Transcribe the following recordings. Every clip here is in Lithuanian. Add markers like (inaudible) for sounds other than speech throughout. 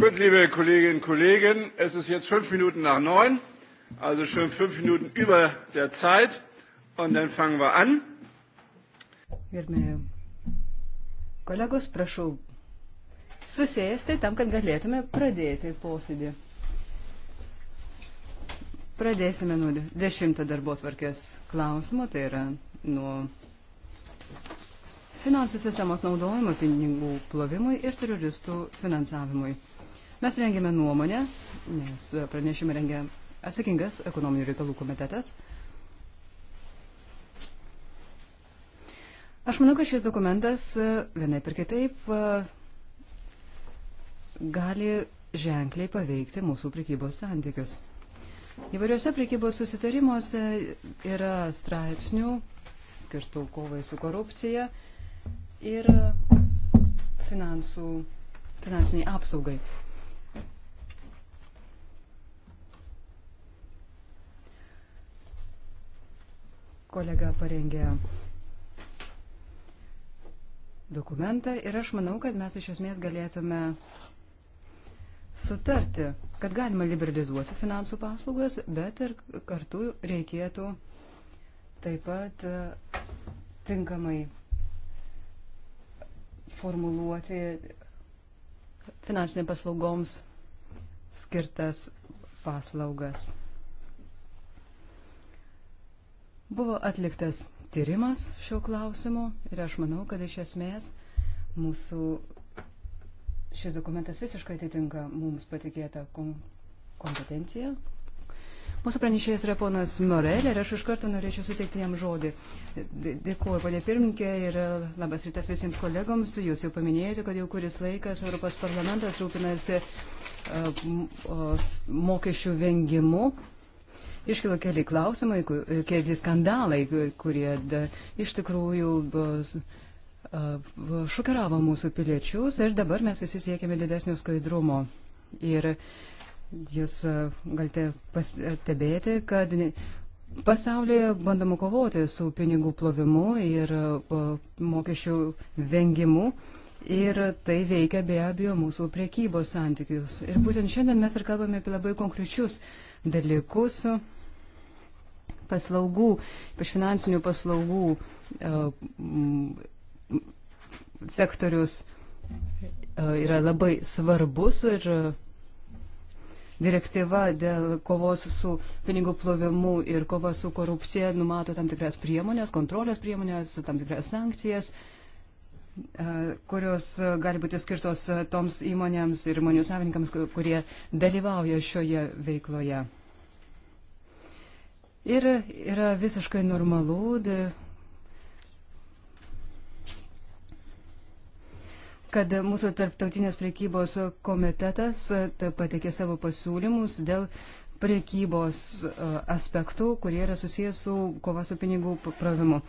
Gut, liebe Kolleginnen und Kollegen, es ist jetzt fünf Minuten nach neun, also schon fünf Minuten über der Zeit. Und dann fangen wir an. Gerbėjau. Kolegos, prašau susėsti tam, kad galėtume pradėti posėdį. Pradėsime nuo dešimto darbo tvarkės klausimo, tai yra nuo finansų sistemos naudojimo pinigų plovimui ir teroristų finansavimui. Mes rengiame nuomonę, nes pranešimą rengia atsakingas ekonominių reikalų komitetas. Aš manau, kad šis dokumentas e, vienaip ir kitaip e, gali ženkliai paveikti mūsų prekybos santykius. Įvairiuose prekybos susitarimuose yra straipsnių skirtų kovai su korupcija ir finansų, finansiniai apsaugai. kolega parengė dokumentą ir aš manau, kad mes iš esmės galėtume sutarti, kad galima liberalizuoti finansų paslaugas, bet ir kartu reikėtų taip pat e, tinkamai formuluoti finansinė paslaugoms skirtas paslaugas. Buvo atliktas tyrimas šiuo klausimu ir aš manau, kad iš esmės mūsų šis dokumentas visiškai atitinka mums patikėtą kom kompetenciją. Mūsų pranešėjas yra ponas Morel ir aš iš karto norėčiau suteikti jam žodį. Dėkuoju, ponė pirmininkė, ir labas rytas visiems kolegoms. Jūs jau paminėjote, kad jau kuris laikas Europos parlamentas rūpinasi mokesčių vengimu Iškilo keli klausimai, keli skandalai, kurie da, iš tikrųjų bus, šokiravo mūsų piliečius ir dabar mes visi siekiame didesnio skaidrumo. Ir jūs galite pastebėti, kad pasaulyje bandoma kovoti su pinigų plovimu ir mokesčių vengimu. Ir tai veikia be abejo mūsų priekybos santykius. Ir būtent šiandien mes ir kalbame apie labai konkrečius uh, dalykus paslaugų, ypač finansinių paslaugų e, sektorius e, yra labai svarbus ir direktyva dėl kovos su pinigų plovimu ir kova su korupcija numato tam tikras priemonės, kontrolės priemonės, tam tikras sankcijas. Uh, E, kurios gali būti skirtos toms įmonėms ir įmonių savininkams, kurie dalyvauja šioje veikloje. Ir yra visiškai normalu, kad mūsų tarptautinės priekybos komitetas e, patekė savo pasiūlymus dėl priekybos e, aspektų, kurie yra susijęs su kova su pinigų pravimu.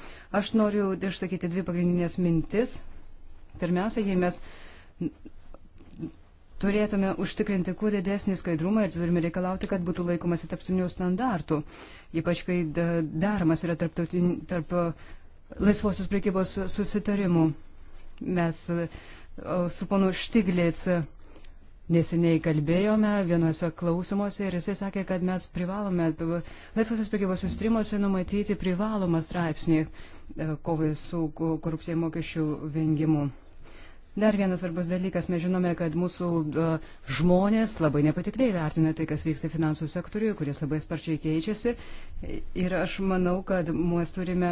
Aš noriu išsakyti dvi pagrindinės mintis Pirmiausia, jei mes turėtume užtikrinti kuo didesnį skaidrumą ir turime reikalauti, kad būtų laikomasi tarptautinių standartų, ypač kai daromas yra tarp uh, laisvosios priekybos susitarimų. Mes uh, su ponu Štiglėts neseniai kalbėjome vienuose klausimuose ir jisai sakė, kad mes privalome uh, laisvosios priekybos susitarimuose numatyti privalomą straipsnį kovai su korupcija mokesčių vengimu. Dar vienas svarbus dalykas, mes žinome, kad mūsų uh, žmonės labai nepatikliai vertina tai, kas vyksta finansų sektoriuje, kuris labai sparčiai keičiasi. Ir aš manau, kad mes turime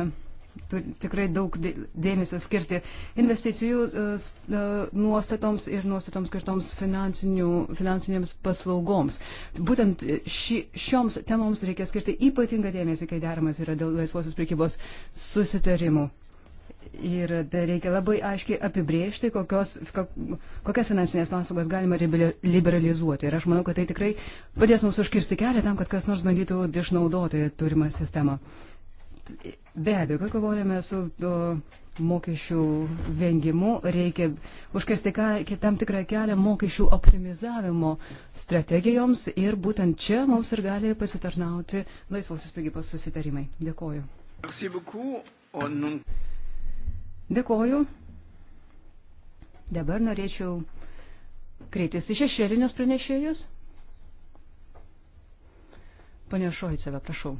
tur, tikrai daug dėmesio skirti investicijų uh, nuostatoms ir nuostatoms skirtoms finansinėms paslaugoms. Būtent ši, šioms temoms reikia skirti ypatingą dėmesį, kai deramas yra dėl laisvosios prekybos susitarimų. Ir tai reikia labai aiškiai apibriežti, kokios, kokias finansinės paslaugas galima liberalizuoti. Ir aš manau, kad tai tikrai padės mums užkirsti kelią tam, kad kas nors bandytų išnaudoti turimą sistemą. Be abejo, kai kovojame su o, mokesčių vengimu, reikia užkirsti tam tikrą kelią mokesčių optimizavimo strategijoms ir būtent čia mums ir gali pasitarnauti laisvosios prigybos susitarimai. Dėkoju. Merci beaucoup. O nun... Dėkoju. Dabar norėčiau kreiptis į šešėlinius pranešėjus. Pane Šoiceve, prašau.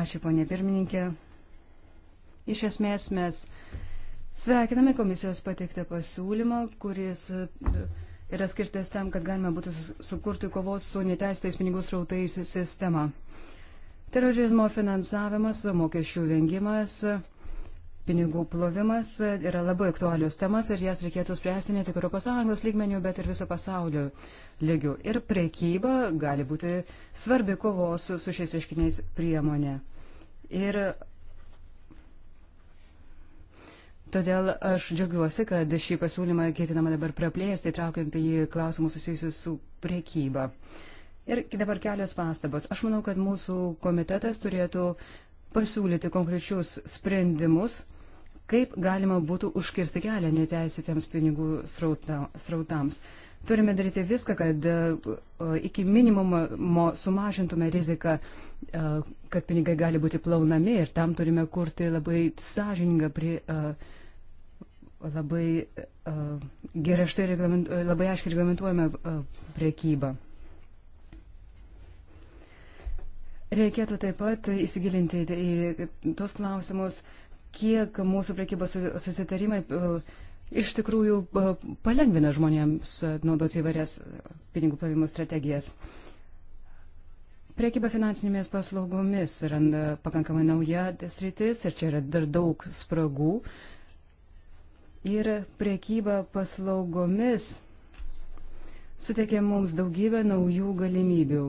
Ačiū, ponė pirmininkė. Iš esmės mes sveikiname komisijos pateiktą pasiūlymą, kuris yra skirtas tam, kad galima būtų sukurti kovos su neteistais pinigų srautais sistemą. Terorizmo finansavimas, mokesčių vengimas, pinigų plovimas yra labai aktualios temas ir jas reikėtų spręsti ne tik ES lygmenių, bet ir viso pasaulio lygių. Ir priekyba gali būti svarbi kovos su šiais reiškiniais priemonė. Ir todėl aš džiaugiuosi, kad šį pasiūlymą ketinama dabar praplėsti, traukiant į klausimus susijusius su priekyba. Uh, Ir dabar kelios pastabos. Aš manau, kad mūsų komitetas turėtų pasiūlyti konkrečius sprendimus, kaip galima būtų užkirsti kelią neteisėtiems pinigų srautams. Turime daryti viską, kad e, iki minimumo sumažintume riziką, e, kad pinigai gali būti plaunami ir tam turime kurti labai sąžiningą, prie, e, labai, gerai, labai aiškiai reglamentuojamą priekybą. Reikėtų taip pat įsigilinti į tos klausimus, kiek mūsų prekybos susitarimai e, iš tikrųjų e, palengvina žmonėms naudoti įvairias pinigų plovimo strategijas. Priekyba finansinėmis paslaugomis yra e, pakankamai nauja sritis ir čia yra dar daug spragų. Ir priekyba paslaugomis suteikia mums daugybę naujų galimybių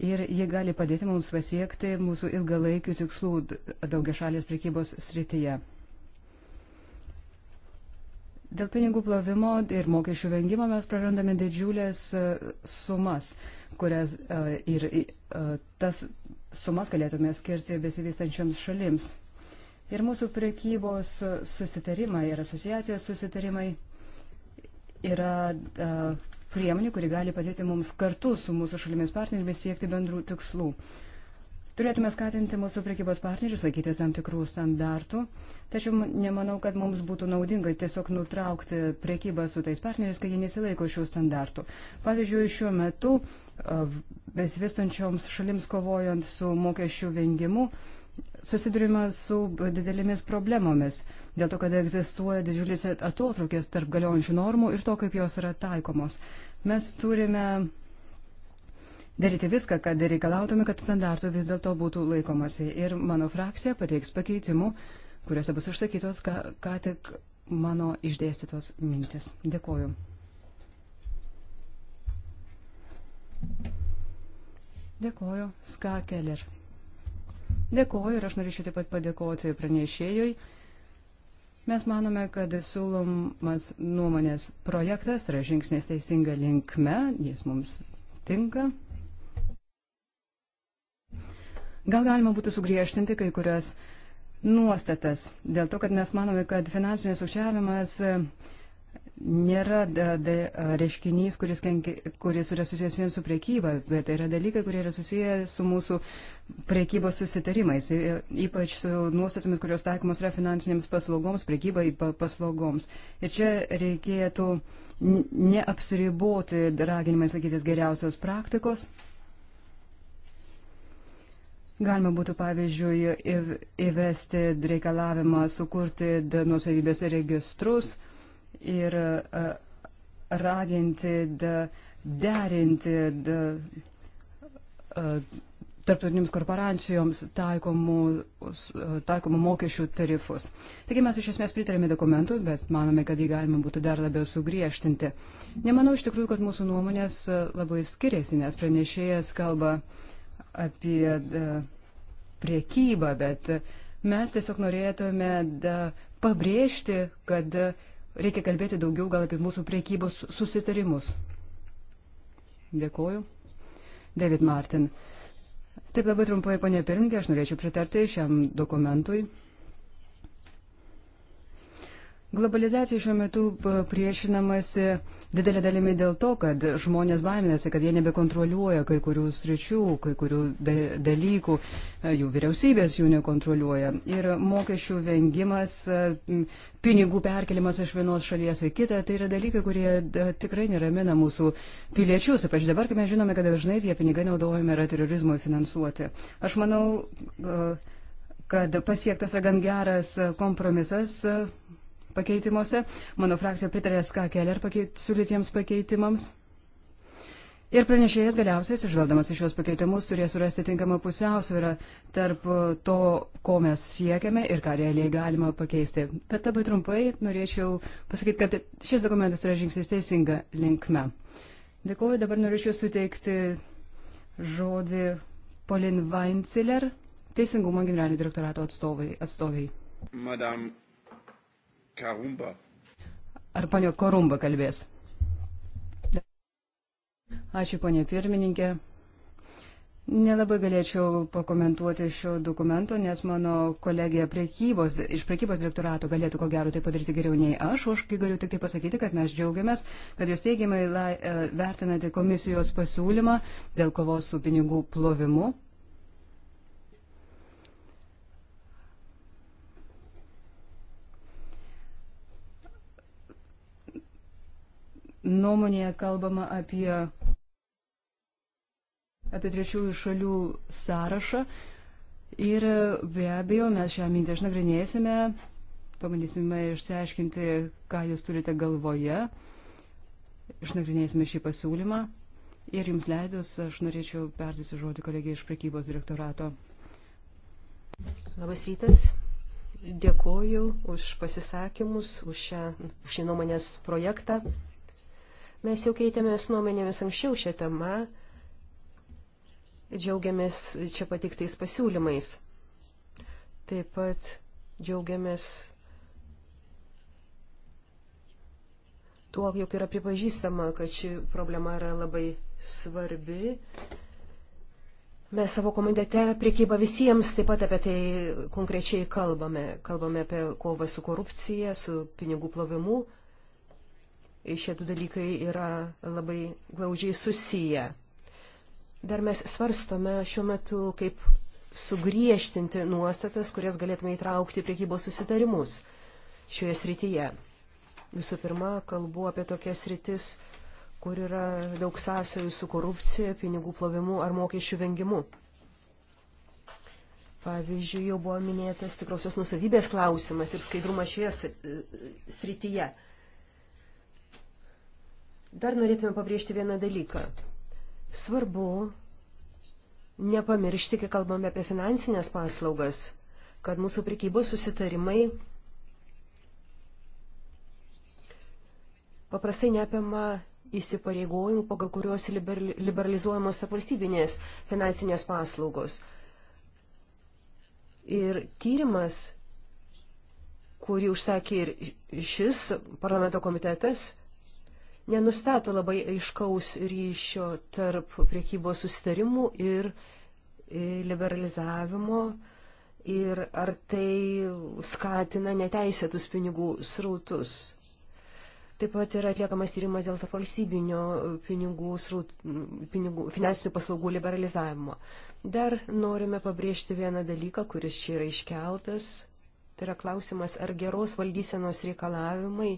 ir jie gali padėti mums pasiekti mūsų ilgalaikių tikslų daugiašalės prekybos srityje. Dėl pinigų plovimo ir mokesčių vengimo mes prarandame didžiulės e, sumas, kurias e, ir e, tas sumas galėtume skirti besivystančiams šalims. Ir mūsų priekybos susitarimai ir asociacijos susitarimai yra uh, priemonė, kuri gali padėti mums kartu su mūsų šalimis partnerėmis siekti bendrų tikslų. Turėtume skatinti mūsų prekybos partnerius laikytis tam tikrų standartų, tačiau nemanau, kad mums būtų naudinga tiesiog nutraukti prekybą su tais partneriais, kai jie nesilaiko šių standartų. Pavyzdžiui, šiuo metu besivystančioms šalims kovojant su mokesčių vengimu, susidurime su didelėmis problemomis, dėl to, kad egzistuoja didžiulis atotrukis tarp galiojančių normų ir to, kaip jos yra taikomos. Mes turime daryti viską, kad reikalautume, kad standartų vis dėlto būtų laikomasi. Ir mano frakcija pateiks pakeitimų, kuriuose bus užsakytos ką, ką tik mano išdėstytos mintis. Dėkoju. Dėkoju, Ska Keller. Dėkoju ir aš norėčiau taip pat padėkoti pranešėjui. Mes manome, kad siūlomas nuomonės projektas yra žingsnis teisinga linkme, jis mums tinka. Gal galima būtų sugriežtinti kai kurias nuostatas, dėl to, kad mes manome, kad finansinis užšiavimas nėra da, da, reiškinys, kuris, kenki, kuris yra susijęs vien su priekyba, bet tai yra dalykai, kurie yra susiję su mūsų priekybos susitarimais, ypač su nuostatomis, kurios taikomos yra finansinėms paslaugoms, priekybai paslaugoms. Ir čia reikėtų neapsiriboti raginimais laikytis geriausios praktikos. Galima būtų, pavyzdžiui, įvesti reikalavimą sukurti nuosavybės registrus, ir e, raginti derinti e, tarptautinėms korporacijoms taikomų, e, taikomų mokesčių tarifus. Taigi mes iš esmės pritarėme dokumentų, bet manome, kad jį galima būtų dar labiau sugriežtinti. Nemanau iš tikrųjų, kad mūsų nuomonės labai skiriasi, nes pranešėjas kalba apie priekybą, bet mes tiesiog norėtume pabrėžti, kad reikia kalbėti daugiau gal apie mūsų priekybos susitarimus. Dėkoju. David Martin. Taip labai trumpai, ponė Pirinkė, aš norėčiau pritarti šiam dokumentui. Globalizacija šiuo metu e, priešinamasi didelė dalimi dėl to, kad žmonės baiminasi, kad jie nebekontroliuoja kai kurių sričių, kai kurių dalykų, e, jų vyriausybės jų nekontroliuoja. Ir mokesčių vengimas, e, pinigų perkelimas iš vienos šalies į kitą, tai yra dalykai, kurie tikrai neramina mūsų piliečius, ypač dabar, kai mes žinome, kad dažnai tie pinigai naudojami yra terorizmui finansuoti. Aš manau, kad pasiektas yra gan geras kompromisas pakeitimuose. Mano frakcija pritarė Ska Keller pakeit, siūlytiems pakeitimams. Ir pranešėjas galiausiai, išvelgdamas iš juos pakeitimus, turės surasti tinkamą pusiausvyrą tarp uh, to, ko mes siekiame ir ką realiai galima pakeisti. Bet labai trumpai norėčiau pasakyti, kad šis dokumentas yra žingsnis teisinga linkme. Dėkuoju, dabar norėčiau suteikti žodį Polin Weinziller, Teisingumo generalinio direktorato atstovai. atstovai. Madam Karumba. Ar panio Korumba kalbės? Ačiū, ponė pirmininkė. Nelabai galėčiau pakomentuoti šio dokumento, nes mano kolegija priekybos, iš priekybos direktorato galėtų ko gero tai padaryti geriau nei aš, o aš galiu tik tai pasakyti, kad mes džiaugiamės, kad jūs teigiamai lai, e, vertinate komisijos pasiūlymą dėl kovos su pinigų plovimu. nuomonėje kalbama apie, apie trečiųjų šalių sąrašą. Ir be abejo, mes šią mintį išnagrinėsime, pabandysime išsiaiškinti, ką jūs turite galvoje, išnagrinėsime šį pasiūlymą. Ir jums leidus, aš norėčiau perduoti žodį kolegiai iš prekybos direktorato. Labas rytas. Dėkoju už pasisakymus, už šią, už šį nuomonės projektą. Mes jau keitėmės nuomenėmis anksčiau šią temą, džiaugiamės čia patiktais pasiūlymais. Taip pat džiaugiamės tuo, jog yra pripažįstama, kad ši problema yra labai svarbi. Mes savo komitete priekyba visiems taip pat apie tai konkrečiai kalbame. Kalbame apie kovą su korupcija, su pinigų plovimu šie du dalykai yra labai glaudžiai susiję. Dar mes svarstome šiuo metu, kaip sugriežtinti nuostatas, kurias galėtume įtraukti priekybos susitarimus šioje srityje. Visų pirma, kalbu apie tokias sritis, kur yra daug sąsajų su korupcija, pinigų plovimu ar mokesčių vengimu. Pavyzdžiui, jau buvo minėtas tikrosios nusavybės klausimas ir skaidrumas šioje srityje. Dar norėtume pabrėžti vieną dalyką. Svarbu nepamiršti, kai kalbame apie finansinės paslaugas, kad mūsų prekybos susitarimai paprastai neapima įsipareigojimų, pagal kuriuos liberalizuojamos tarpvalstybinės finansinės paslaugos. Ir tyrimas, kurį užsakė ir šis parlamento komitetas, nenustato labai aiškaus ryšio tarp priekybos sustarimų ir e, liberalizavimo ir ar tai skatina neteisėtus pinigų srautus. Taip pat yra atliekamas tyrimas dėl tarpvalstybinio pinigų, sraut, pinigų, finansinių paslaugų liberalizavimo. Dar norime pabrėžti vieną dalyką, kuris čia yra iškeltas. Tai yra klausimas, ar geros valdysenos reikalavimai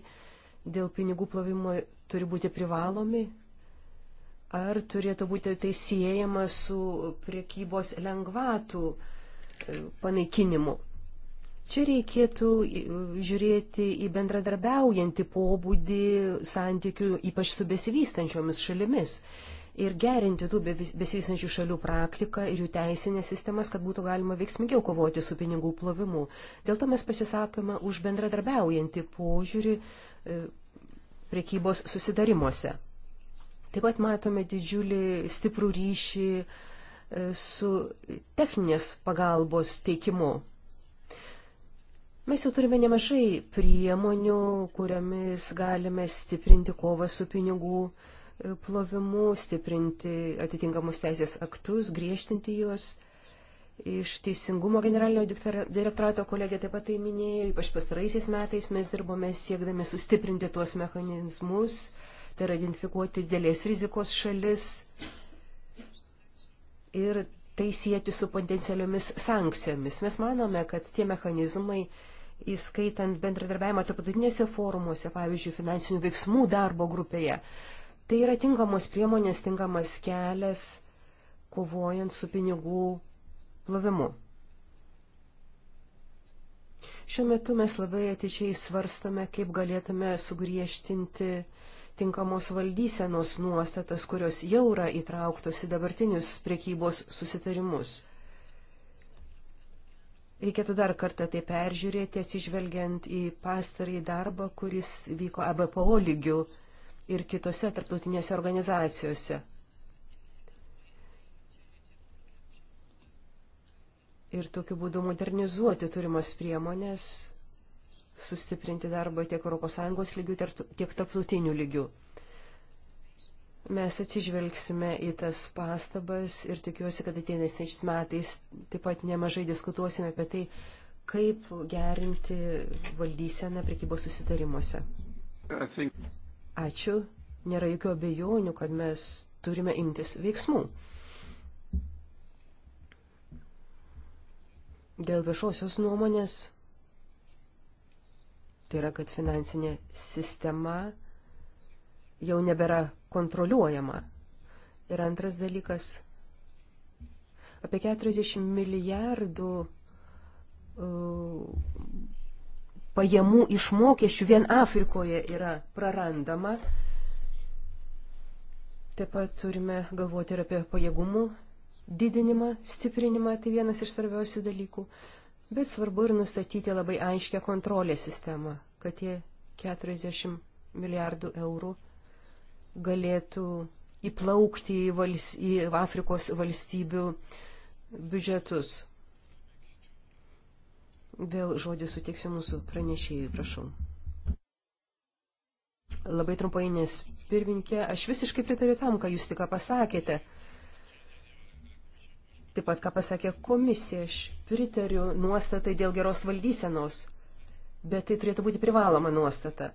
dėl pinigų plovimo turi būti privalomi? Ar turėtų būti tai siejama su priekybos lengvatų e, panaikinimu? Čia reikėtų e, žiūrėti į bendradarbiaujantį pobūdį santykių, ypač su besivystančiomis šalimis, ir gerinti tų besivystančių šalių praktiką ir jų teisinės sistemas, kad būtų galima veiksmingiau kovoti su pinigų plovimu. Dėl to mes pasisakome už bendradarbiaujantį požiūrį E, priekybos susidarimuose. Taip pat matome didžiulį stiprų ryšį e, su techninės pagalbos teikimu. Mes jau turime nemažai priemonių, kuriamis galime stiprinti kovą su pinigų e, plovimu, stiprinti atitinkamus teisės aktus, griežtinti juos iš Teisingumo generalinio direktorato kolegė taip pat tai minėjo, ypač pastaraisiais metais mes dirbome siekdami sustiprinti tuos mechanizmus, tai yra identifikuoti didelės rizikos šalis ir tai sieti su potencialiomis sankcijomis. Mes manome, kad tie mechanizmai, įskaitant bendradarbiavimą tarptautinėse forumuose, pavyzdžiui, finansinių veiksmų darbo grupėje, tai yra tinkamos priemonės, tinkamas kelias kovojant su pinigų plovimu. Šiuo metu mes labai ateičiai svarstame, kaip galėtume sugriežtinti tinkamos valdysenos nuostatas, kurios jau yra įtrauktos į dabartinius priekybos susitarimus. Reikėtų dar kartą tai peržiūrėti, atsižvelgiant į pastarąjį darbą, kuris vyko ABPO lygių ir kitose tarptautinėse organizacijose. ir tokiu būdu modernizuoti turimas priemonės, sustiprinti darbą tiek ES lygių, tiek tarptautinių lygių. Mes atsižvelgsime į tas pastabas ir tikiuosi, kad ateinais metais taip pat nemažai diskutuosime apie tai, kaip gerinti valdyseną prekybos susitarimuose. Ačiū. Nėra jokių abejonių, kad mes turime imtis veiksmų. Dėl viešosios nuomonės, tai yra, kad finansinė sistema jau nebėra kontroliuojama. Ir antras dalykas, apie 40 milijardų uh, pajamų iš mokesčių vien Afrikoje yra prarandama. Taip pat turime galvoti ir apie pajėgumų didinimą, stiprinimą, tai vienas iš svarbiausių dalykų. Bet svarbu ir nustatyti labai aiškę kontrolės sistemą, kad tie 40 milijardų eurų galėtų įplaukti į, vals, į Afrikos valstybių biudžetus. Vėl žodį sutiksiu mūsų pranešėjai, prašau. Labai trumpai, nes pirminkė, aš visiškai pritariu tam, ką jūs tik pasakėte. Taip pat, ką pasakė komisija, aš pritariu nuostatai dėl geros valdysenos, bet tai turėtų būti privaloma nuostata.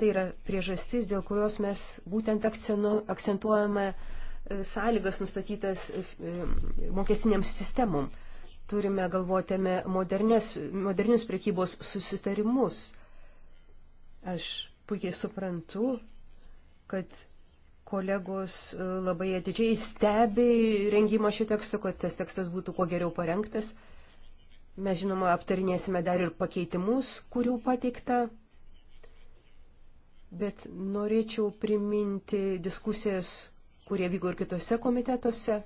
Tai yra priežastis, dėl kurios mes būtent akcentuojame e, sąlygas nustatytas e, e, mokestiniam sistemom. Turime galvoti apie modernius priekybos susitarimus. Aš puikiai suprantu, kad Kolegos e, labai atidžiai stebi rengimą šio teksto, kad tas tekstas būtų kuo geriau parengtas. Mes, žinoma, aptarinėsime dar ir pakeitimus, kurių pateikta. Bet norėčiau priminti diskusijas, kurie vyko ir kitose komitetuose.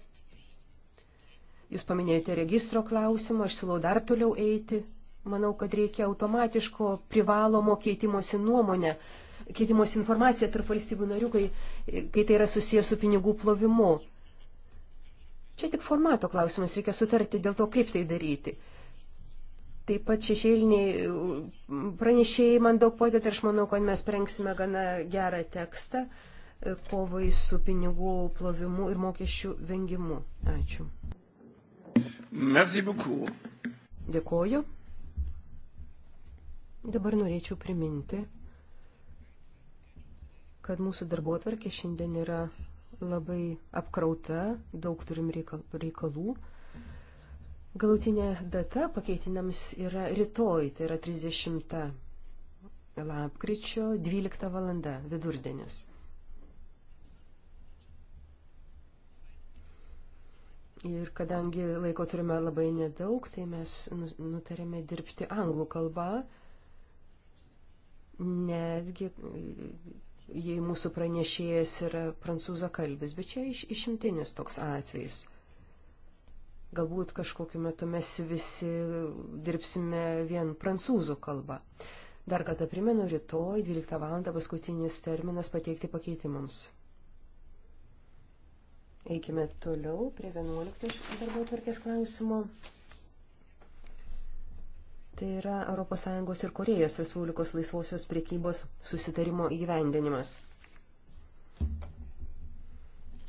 Jūs paminėjote registro klausimą, aš siūlau dar toliau eiti. Manau, kad reikia automatiško privalomo keitimosi nuomonę keitimos informacija tarp valstybių narių, kai, kai tai yra susijęs su pinigų plovimu. Čia tik formato klausimas, reikia sutarti dėl to, kaip tai daryti. Taip pat šešėliniai uh, pranešėjai man daug padeda ir aš manau, kad mes prengsime gana gerą tekstą uh, kovai su pinigų plovimu ir mokesčių vengimu. Ačiū. Merci beaucoup. Dėkoju. Dabar norėčiau priminti kad mūsų darbo atvarkė šiandien yra labai apkrauta, daug turim reikalų. Galutinė data pakeitinams yra rytoj, tai yra 30 lapkričio 12 valanda vidurdienis. Ir kadangi laiko turime labai nedaug, tai mes nu, nutarėme dirbti anglų kalbą, netgi jei mūsų pranešėjas yra prancūzą kalbis, bet čia iš, išimtinis toks atvejs. Galbūt kažkokiu metu mes visi dirbsime vien prancūzų kalba. Dar kartą primenu, rytoj 12 val. paskutinis terminas pateikti pakeitimams. Eikime toliau prie 11 darbo tvarkės klausimo. Tai yra ES ir Korejos Respublikos laisvosios priekybos susitarimo įgyvendinimas.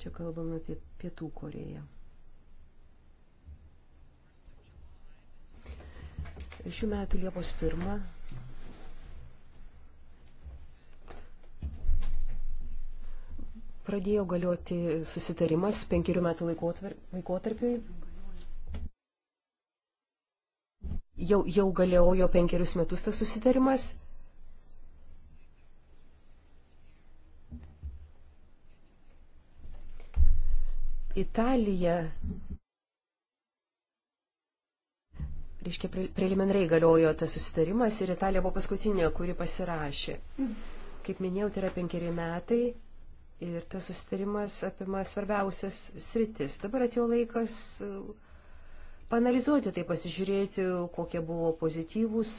Čia kalbame apie Pietų Koreją. Šių metų Liepos 1 pradėjo galioti susitarimas penkerių metų laikotarpiui jau, jau galiojo penkerius metus tas susitarimas. Italija, reiškia, preliminariai galiojo tas susitarimas ir Italija buvo paskutinė, kuri pasirašė. Kaip minėjau, tai yra penkeri metai ir tas susitarimas apima svarbiausias sritis. Dabar atėjo laikas uh, panalizuoti tai, pasižiūrėti, kokie buvo pozityvūs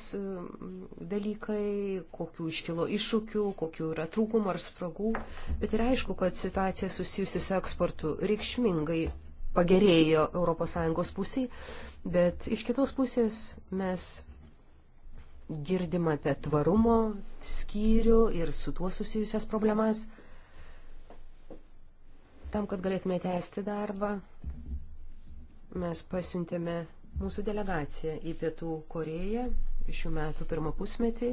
dalykai, kokių iškilo iššūkių, kokių yra trūkumų ar spragų. Bet ir aišku, kad situacija susijusi su eksportu reikšmingai pagerėjo ES pusiai, bet iš kitos pusės mes girdim apie tvarumo skyrių ir su tuo susijusias problemas. Tam, kad galėtume tęsti darbą, Mes pasiuntėme mūsų delegaciją į Pietų Koreją šių metų pirmą pusmetį.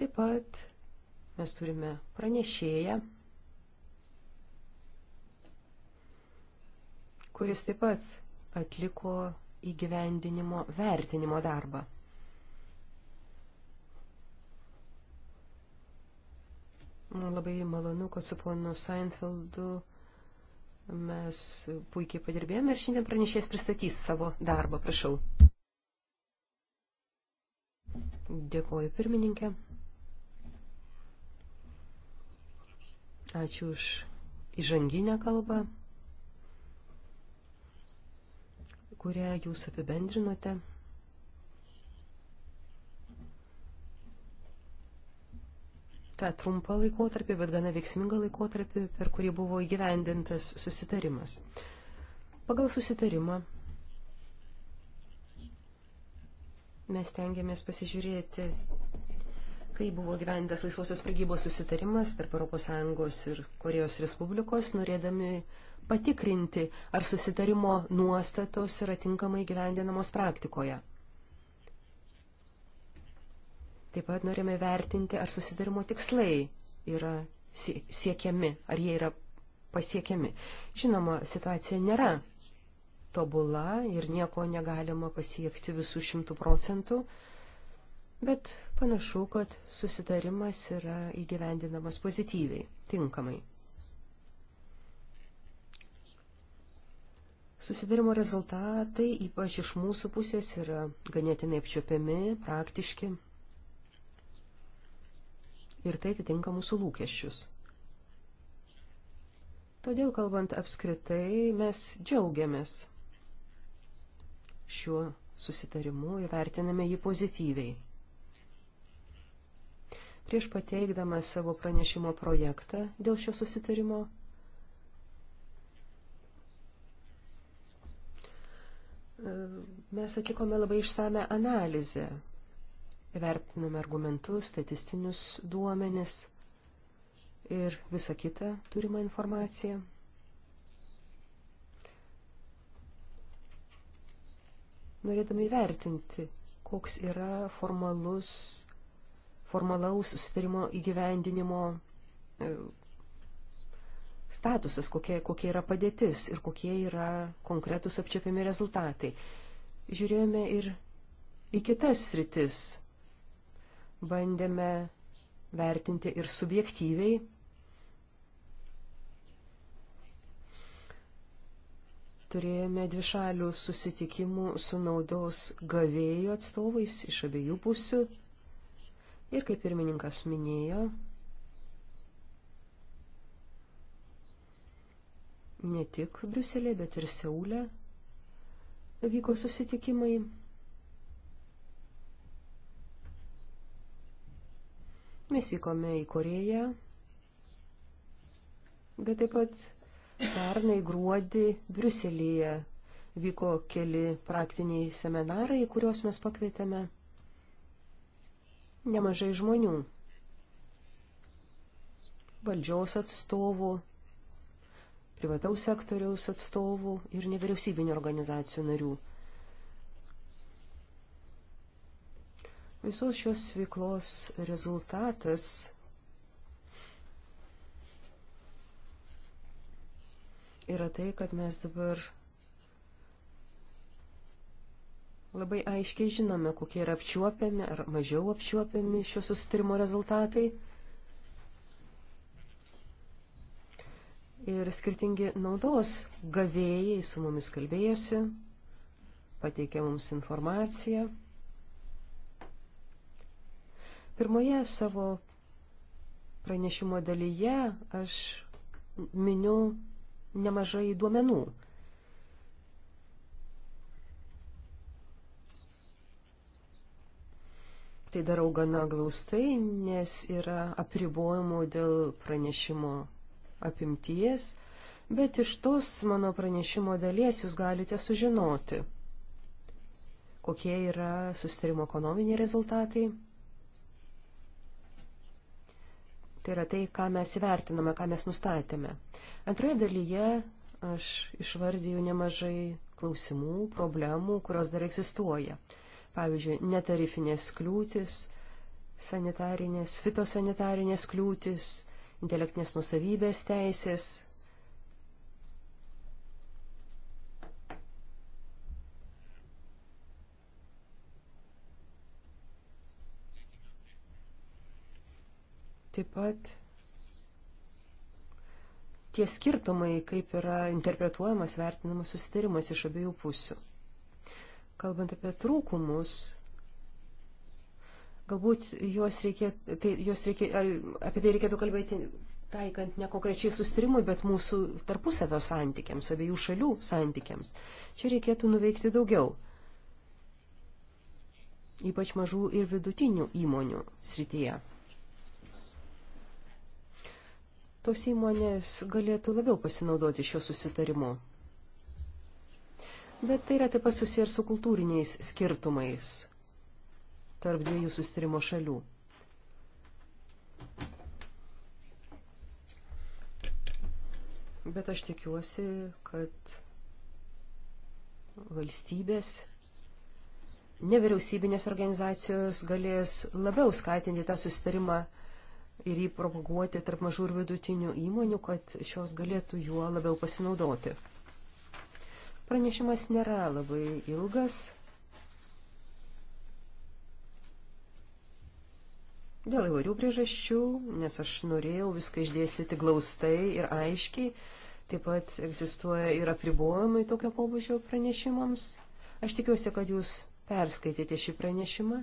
Taip pat mes turime pranešėją, kuris taip pat atliko įgyvendinimo vertinimo darbą. Man labai malonu, kad su ponu Seinfeldu Mes puikiai padirbėjome ir šiandien pranešėjas pristatys savo darbą, prašau. Dėkuoju pirmininkė. Ačiū už įžanginę kalbą, kurią jūs apibendrinote. tą trumpą laikotarpį, bet gana veiksmingą laikotarpį, per kurį buvo įgyvendintas susitarimas. Pagal susitarimą mes tengiamės pasižiūrėti, kai buvo gyventas laisvosios prekybos susitarimas tarp ES ir Korejos Respublikos, norėdami patikrinti, ar susitarimo nuostatos yra tinkamai gyvendinamos praktikoje. Taip pat norime vertinti, ar susidarimo tikslai yra siekiami, ar jie yra pasiekiami. Žinoma, situacija nėra tobula ir nieko negalima pasiekti visų šimtų procentų, bet panašu, kad susitarimas yra įgyvendinamas pozityviai, tinkamai. Susidarimo rezultatai, ypač iš mūsų pusės, yra ganėtinai apčiopiami, praktiški, ir tai atitinka mūsų lūkesčius. Todėl, kalbant apskritai, mes džiaugiamės šiuo susitarimu ir vertiname jį pozityviai. Prieš pateikdama savo pranešimo projektą dėl šio susitarimo, mes atlikome labai išsame analizę vertiname argumentus, statistinius duomenis ir visą kitą turimą informaciją. Norėdami vertinti, koks yra formalus, formalaus susitarimo įgyvendinimo e, statusas, kokia, kokia yra padėtis ir kokie yra konkretus apčiopiami rezultatai. Žiūrėjome ir į kitas sritis bandėme vertinti ir subjektyviai. Turėjome dvišalių susitikimų su naudos gavėjų atstovais iš abiejų pusių. Ir kaip pirmininkas minėjo, ne tik Briuselė, bet ir Seulė vyko susitikimai Mes vykome į Koreją, bet taip pat pernai gruodį Briuselyje vyko keli praktiniai seminarai, į kuriuos mes pakvietėme nemažai žmonių, valdžios atstovų, privataus sektoriaus atstovų ir nevyriausybinio organizacijų narių. Visos šios veiklos rezultatas yra tai, kad mes dabar labai aiškiai žinome, kokie yra apčiuopiami ar mažiau apčiuopiami šio susitarimo rezultatai. Ir skirtingi naudos gavėjai su mumis kalbėjosi, pateikė mums informaciją. Pirmoje savo pranešimo dalyje aš miniu nemažai duomenų. Tai darau gana glaustai, nes yra apribojimų dėl pranešimo apimties, bet iš tos mano pranešimo dalies jūs galite sužinoti, kokie yra sustarimo ekonominiai rezultatai Tai yra tai, ką mes įvertiname, ką mes nustatėme. Antroje dalyje aš išvardėjau nemažai klausimų, problemų, kurios dar egzistuoja. Pavyzdžiui, netarifinės kliūtis, sanitarinės, fitosanitarinės kliūtis, intelektinės nusavybės teisės, Taip pat tie skirtumai, kaip yra interpretuojamas vertinamas susitarimas iš abiejų pusių. Kalbant apie trūkumus, galbūt juos reikėtų, tai, juos reikėtų, apie tai reikėtų kalbėti taikant ne konkrečiai sustarimui, bet mūsų tarpusavio santykiams, abiejų šalių santykiams. Čia reikėtų nuveikti daugiau, ypač mažų ir vidutinių įmonių srityje tos įmonės galėtų labiau pasinaudoti šio susitarimu. Bet tai yra taip pat susiję ir su kultūriniais skirtumais tarp dviejų susitarimo šalių. Bet aš tikiuosi, kad valstybės, nevyriausybinės organizacijos galės labiau skatinti tą susitarimą ir jį propaguoti tarp mažų ir vidutinių įmonių, kad šios galėtų juo labiau pasinaudoti. Pranešimas nėra labai ilgas. Dėl įvairių priežasčių, nes aš norėjau viską išdėstyti glaustai ir aiškiai. Taip pat egzistuoja ir apribojimai tokio pobūdžio pranešimams. Aš tikiuosi, kad jūs perskaitėte šį pranešimą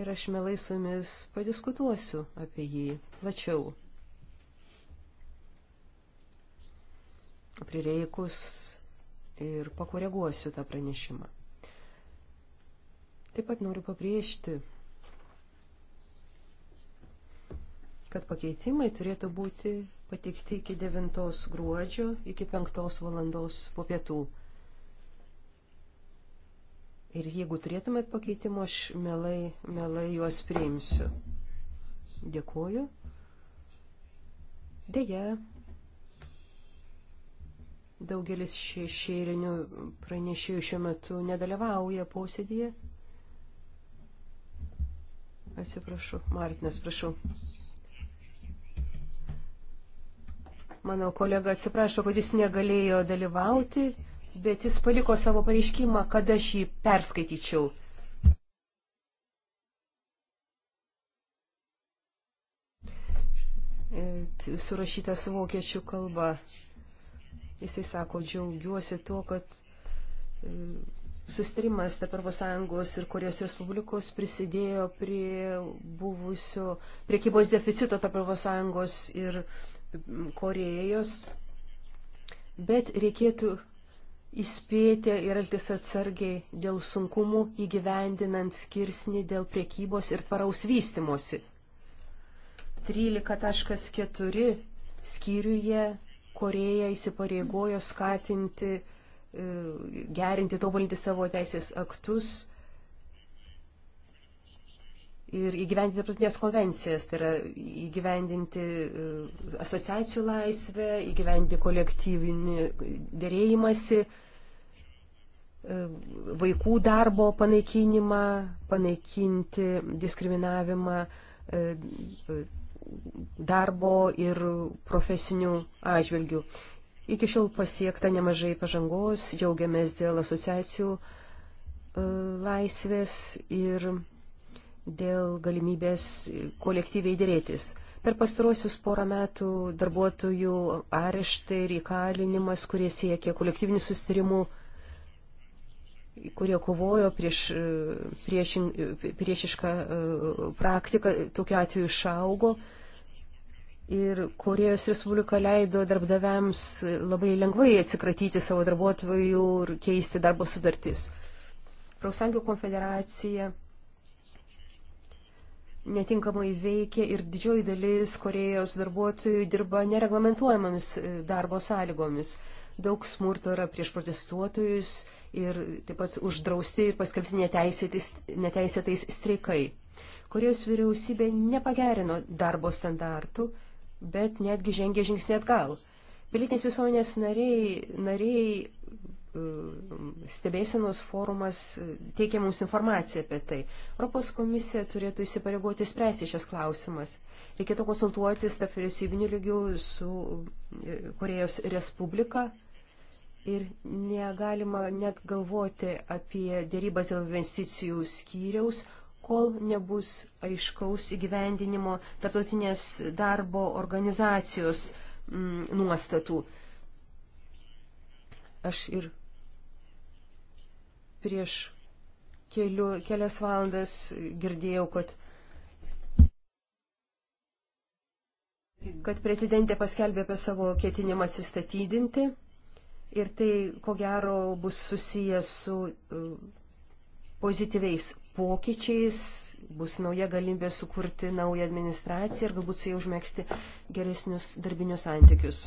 ir aš mielai su jumis padiskutuosiu apie jį plačiau. Prireikus ir pakoreguosiu tą pranešimą. Taip pat noriu pabrėžti, kad pakeitimai turėtų būti pateikti iki 9 gruodžio, iki 5 valandos po pietų. Ir jeigu turėtumėt pakeitimo, aš melai, melai juos priimsiu. Dėkuoju. Deja, daugelis šešėlinių pranešėjų šiuo metu nedalyvauja posėdėje. Atsiprašau, Martinas, prašau. Mano kolega atsiprašo, kad jis negalėjo dalyvauti bet jis paliko savo pareiškimą, kad aš jį perskaityčiau. E, surašytas vokiečių kalba. Jisai sako, džiaugiuosi tuo, kad e, sustarimas tarp Europos Sąjungos ir Korejos Respublikos prisidėjo prie buvusio priekybos deficito tarp Europos Sąjungos ir Korejos. Bet reikėtų įspėti ir elgtis atsargiai dėl sunkumų įgyvendinant skirsnį dėl priekybos ir tvaraus vystimosi. 13.4 skyriuje Koreja įsipareigojo skatinti, e, gerinti, tobulinti savo teisės aktus ir įgyvendinti tarptautinės konvencijas, tai yra įgyvendinti e, asociacijų laisvę, įgyvendinti kolektyvinį dėrėjimąsi, vaikų darbo panaikinimą, panaikinti diskriminavimą e, darbo ir profesinių atžvilgių. Iki šiol pasiekta nemažai pažangos, džiaugiamės dėl asociacijų e, laisvės ir dėl galimybės kolektyviai dėrėtis. Per pastarosius porą metų darbuotojų areštai ir įkalinimas, kurie siekia kolektyvinių sustarimų kurie kovojo prieš, e, priešin, e, priešišką e, praktiką, tokiu atveju išaugo. Ir Korejos Respublika leido darbdaviams labai lengvai atsikratyti savo darbuotojų ir keisti darbo sudartis. Profsąjungų konfederacija netinkamai veikia ir didžioji dalis Korejos darbuotojų dirba nereglamentuojamomis darbo sąlygomis. Daug smurto yra prieš protestuotojus ir taip pat uždrausti ir paskelbti neteisėtais streikai. Korejos vyriausybė nepagerino darbo standartų, bet netgi žengė žingsnį atgal. Pilietinės visuomenės nariai, nariai e, stebėsenos forumas e, teikia mums informaciją apie tai. Europos komisija turėtų įsipareigoti spręsti šias klausimas. Reikėtų konsultuotis tarp vyriausybinių lygių su e, Korejos Respublika ir negalima net galvoti apie dėrybas dėl investicijų skyriaus, kol nebus aiškaus įgyvendinimo tarptautinės darbo organizacijos mm, nuostatų. Aš ir prieš keliu, kelias valandas girdėjau, kad kad prezidentė paskelbė apie savo ketinimą atsistatydinti. Ir tai, ko gero, bus susijęs su e, pozityviais pokyčiais, bus nauja galimybė sukurti naują administraciją ir galbūt su jie užmėgsti geresnius darbinius santykius.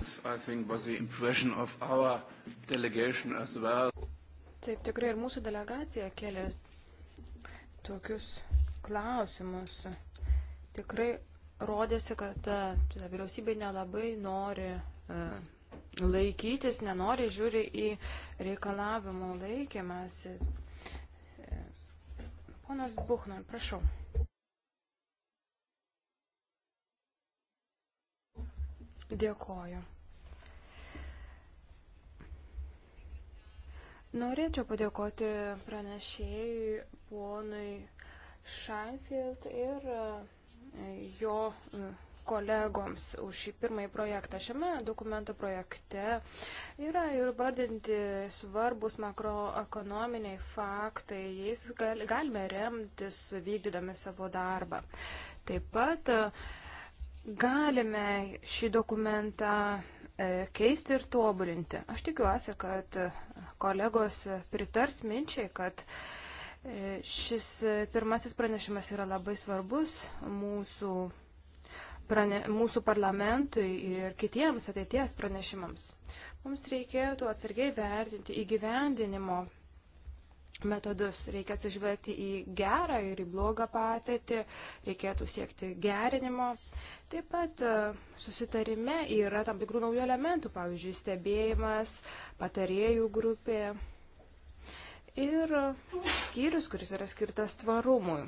Well. Taip tikrai ir mūsų delegacija kėlė tokius klausimus. Tikrai rodėsi, kad ta, e, ta vyriausybė nelabai nori uh, laikytis, nenori žiūri į reikalavimų laikymąsi. Ponas Buchner, prašau. Dėkoju. Norėčiau padėkoti pranešėjui ponui Scheinfeld ir e, jo e, kolegoms už šį pirmąjį projektą. Šiame dokumento projekte yra ir vardinti svarbus makroekonominiai faktai, jais gal, galime remtis vykdydami savo darbą. Taip pat e, galime šį dokumentą e, keisti ir tobulinti. Aš tikiuosi, kad kolegos pritars minčiai, kad e, šis pirmasis pranešimas yra labai svarbus mūsų prane, mūsų parlamentui ir kitiems ateities pranešimams. Mums reikėtų atsargiai vertinti įgyvendinimo metodus. Reikia atsižvelgti į gerą ir į blogą patirtį, reikėtų siekti gerinimo. Taip pat e, susitarime yra tam tikrų naujų elementų, pavyzdžiui, stebėjimas, patarėjų grupė ir skyrius, kuris yra skirtas tvarumui.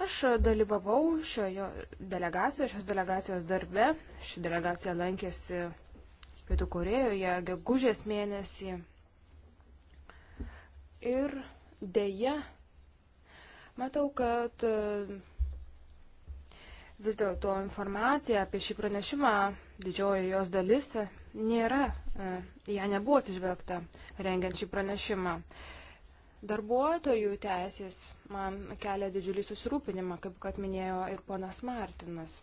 Aš dalyvavau šioje delegacijoje, šios delegacijos darbe. Ši delegacija lankėsi Pietų Korejoje gegužės mėnesį. Ir dėja, matau, kad e, vis dėlto informacija apie šį pranešimą, didžioji jos dalis, nėra, e, ją nebuvo atsižvelgta rengiant šį pranešimą. Darbuotojų teisės man kelia didžiulį susirūpinimą, kaip kad minėjo ir ponas Martinas.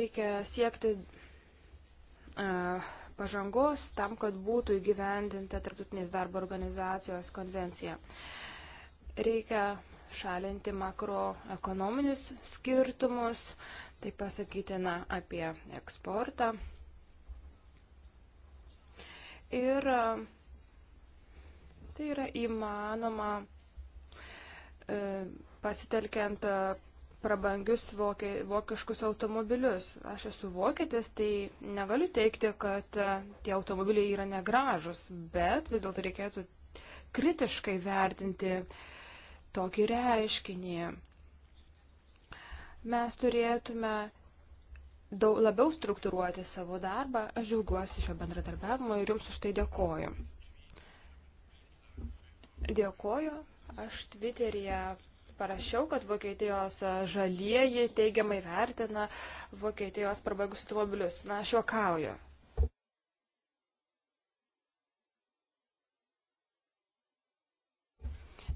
Reikia siekti uh, pažangos tam, kad būtų įgyvendinta Tarptautinės darbo organizacijos konvencija. Reikia šalinti makroekonominius skirtumus, tai pasakytina apie eksportą, ir e, tai yra įmanoma e, pasitelkiant e, prabangius vokiškus automobilius. Aš esu vokietis, tai negaliu teikti, kad tie automobiliai yra negražus, bet vis dėlto reikėtų kritiškai vertinti tokį reiškinį. Mes turėtume daug labiau struktūruoti savo darbą. Aš džiaugiuosi šio bendradarbiavimo ir jums už tai dėkoju. Dėkoju. Aš Twitter'yje parašiau, kad Vokietijos žalieji teigiamai vertina Vokietijos prabaigus automobilius. Na, aš juokauju.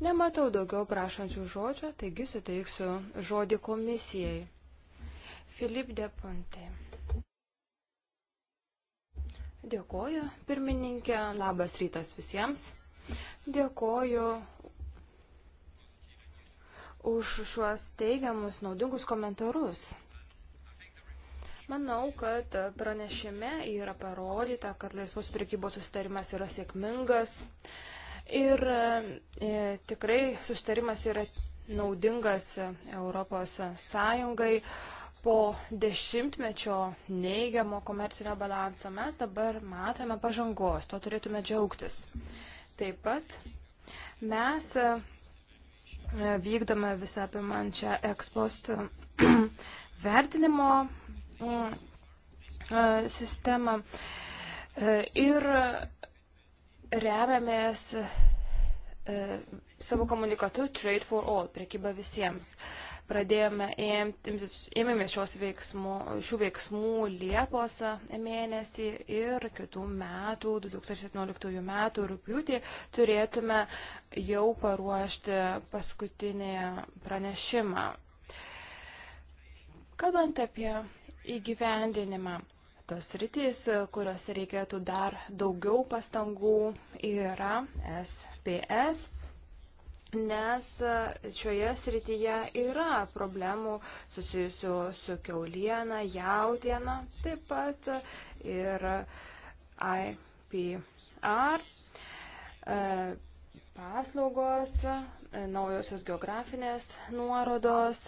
Nematau daugiau prašančių žodžio, taigi suteiksiu žodį komisijai. Filip de Ponte. Dėkoju, pirmininkė, labas rytas visiems. Dėkoju už šiuos teigiamus naudingus komentarus. Manau, kad pranešime yra parodyta, kad laisvos prekybos sustarimas yra sėkmingas ir e, tikrai sustarimas yra naudingas Europos Sąjungai. E, po dešimtmečio neigiamo komercinio balanso mes dabar matome pažangos, to turėtume džiaugtis. Taip pat mes e, vykdome visą apimančią ekspost (clears throat) vertinimo mm, e, sistemą e, ir remiamės E, savo komunikatu Trade for All, priekyba visiems. Pradėjome, ėmėmės šios veiksmų, šių veiksmų Liepos mėnesį ir kitų metų, 2017 metų rūpjūtį, turėtume jau paruošti paskutinį pranešimą. Kalbant apie įgyvendinimą, tos rytis, kuriuose reikėtų dar daugiau pastangų, yra S SPS, nes e, šioje srityje yra problemų susijusių su keuliena, jaudiena, taip pat ir IPR e, paslaugos, e, naujosios geografinės nuorodos,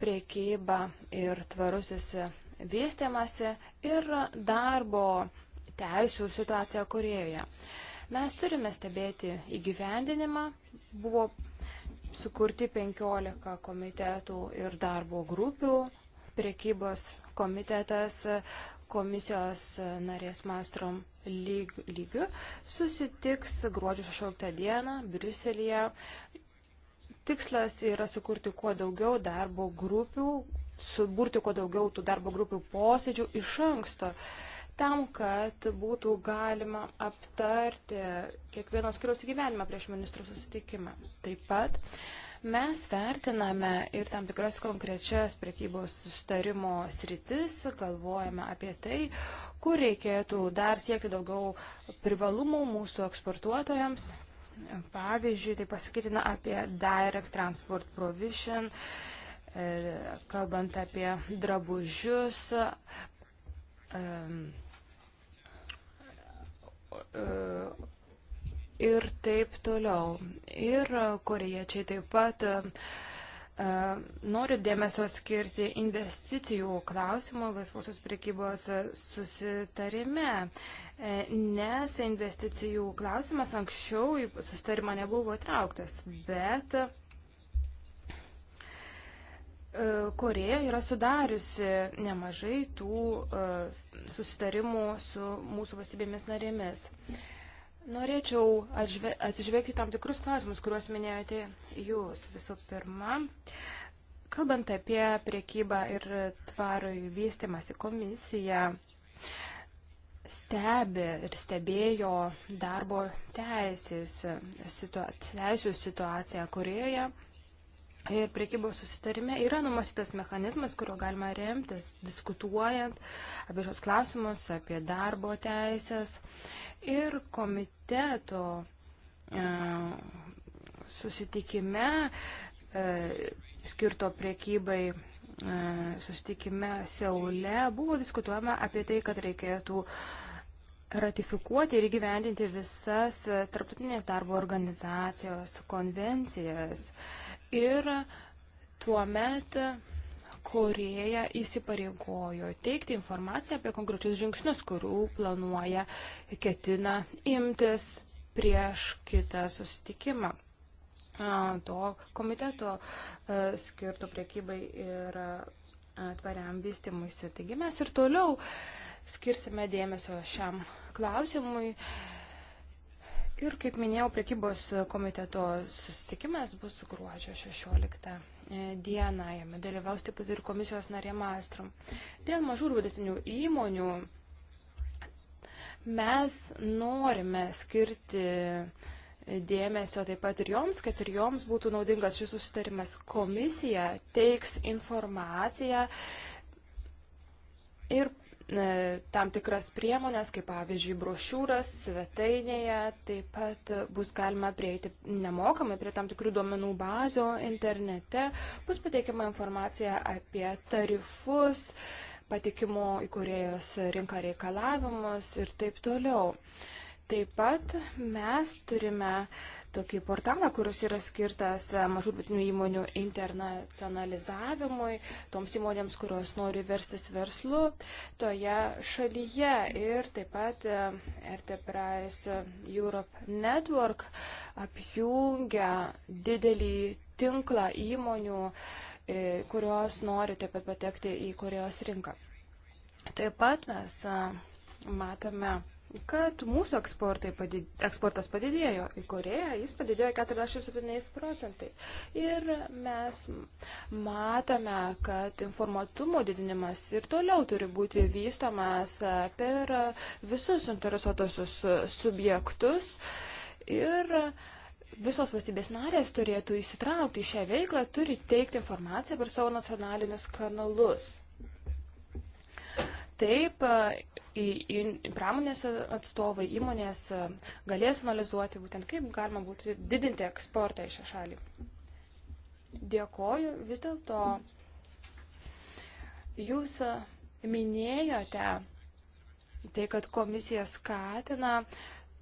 priekyba ir tvarusis vystimasi ir darbo teisų situacija Korejoje. Mes turime stebėti įgyvendinimą. Buvo sukurti 15 komitetų ir darbo grupių. Prekybos komitetas komisijos narės Mastrom lyg, lygių susitiks gruodžio 16 dieną Briuselėje. Tikslas yra sukurti kuo daugiau darbo grupių, suburti kuo daugiau tų darbo grupių posėdžių iš anksto tam, kad būtų galima aptarti kiekvienos skiriaus įgyvenimą prieš ministrų susitikimą. Taip pat mes vertiname ir tam tikras konkrečias prekybos sustarimo sritis, galvojame apie tai, kur reikėtų dar siekti daugiau privalumų mūsų eksportuotojams. Pavyzdžiui, tai pasakytina apie Direct Transport Provision, e, kalbant apie drabužius, um, E, ir taip toliau. Ir koriečiai taip pat e, e, noriu dėmesio skirti investicijų klausimų laisvosios prekybos susitarime, nes investicijų klausimas anksčiau susitarimą nebuvo įtrauktas, bet E, Koreja yra sudariusi nemažai tų e, susitarimų su mūsų valstybėmis narėmis. Norėčiau atsižvelgti tam tikrus klausimus, kuriuos minėjote jūs visų pirma. Kalbant apie priekybą ir tvarų vystimąsi komisiją, stebi ir stebėjo darbo teisės, situa teisų situaciją Korejoje ir priekybos susitarime yra numastytas mechanizmas, kurio galima remtis, diskutuojant apie šios klausimus, apie darbo teisės ir komiteto e, susitikime e, skirto priekybai e, susitikime Seule buvo diskutuojama apie tai, kad reikėtų uh, ratifikuoti ir įgyvendinti visas e, tarptautinės darbo organizacijos konvencijas. Ir tuo metu Koreja įsipareigojo teikti informaciją apie konkrečius žingsnius, kurių planuoja ketina imtis prieš kitą susitikimą. To komiteto e, skirto priekybai ir e, tvariam vystimuisi. Taigi mes ir toliau uh, skirsime dėmesio šiam klausimui. Ir, kaip minėjau, priekybos komiteto susitikimas bus gruodžio 16 e, dieną. Jame dalyvaus taip pat ir komisijos narė Mastrom. Dėl mažų ir vidutinių įmonių mes norime skirti dėmesio taip pat ir joms, kad ir joms būtų naudingas šis susitarimas. Komisija teiks informaciją ir E, tam tikras priemonės, kaip pavyzdžiui, brošiūras svetainėje, taip pat bus galima prieiti nemokamai prie tam tikrų duomenų bazių internete, bus pateikiama informacija apie tarifus, patikimo įkurėjos rinką reikalavimus ir taip toliau. E, Taip pat mes turime tokį portalą, kuris yra skirtas mažų vidutinių įmonių internacionalizavimui, toms įmonėms, kurios nori verstis verslu toje šalyje. Ir taip pat eh, Enterprise Europe Network apjungia didelį tinklą įmonių, eh, kurios nori taip pat patekti į Korejos rinką. Taip pat mes eh, matome kad mūsų padid, eksportas padidėjo į Koreją, jis padidėjo 47 procentais. Ir mes matome, kad informatumo didinimas ir toliau turi būti vystomas per visus interesuotusius subjektus. Ir visos valstybės narės turėtų įsitraukti į šią veiklą, turi teikti informaciją per savo nacionalinius kanalus. Taip, į, į, pramonės atstovai įmonės galės analizuoti būtent, kaip galima būtų didinti eksportą į šią šalį. Dėkoju. Vis dėlto jūs minėjote tai, kad komisija skatina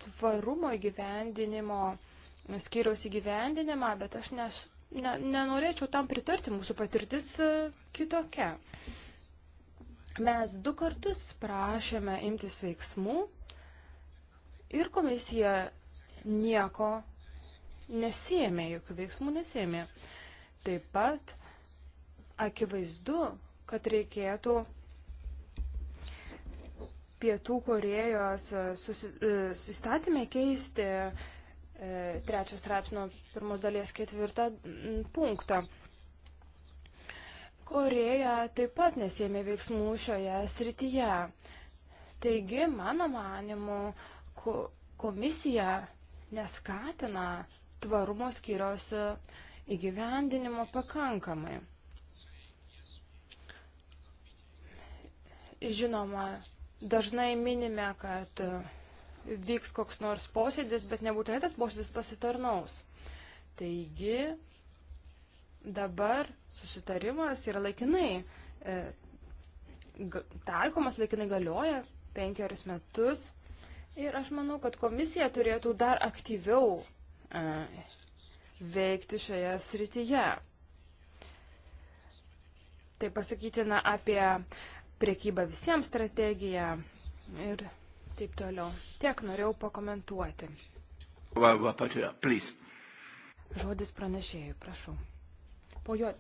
tvarumo įgyvendinimo, skyriaus įgyvendinimą, bet aš nes, ne, nenorėčiau tam pritarti, mūsų patirtis kitokia. Uh, Mes du kartus prašėme imtis veiksmų ir komisija nieko nesėmė, jokių veiksmų nesėmė. Taip pat akivaizdu, kad reikėtų Pietų Korejos e, e, susistatymę keisti e, trečios straipsnio pirmos dalies ketvirtą punktą. Koreja taip pat nesėmė veiksmų šioje srityje. Taigi, mano manimu, ko, komisija neskatina tvarumo skyrios e, įgyvendinimo pakankamai. Žinoma, dažnai minime, kad e, vyks koks nors posėdis, bet nebūtinai tas posėdis pasitarnaus. Taigi, dabar susitarimas yra laikinai e, taikomas, laikinai galioja penkerius metus. Ir aš manau, kad komisija turėtų dar aktyviau e, veikti šioje srityje. Tai pasakytina apie priekybą visiems strategiją ir taip toliau. Tiek norėjau pakomentuoti. Žodis pranešėjai, prašau. Po jo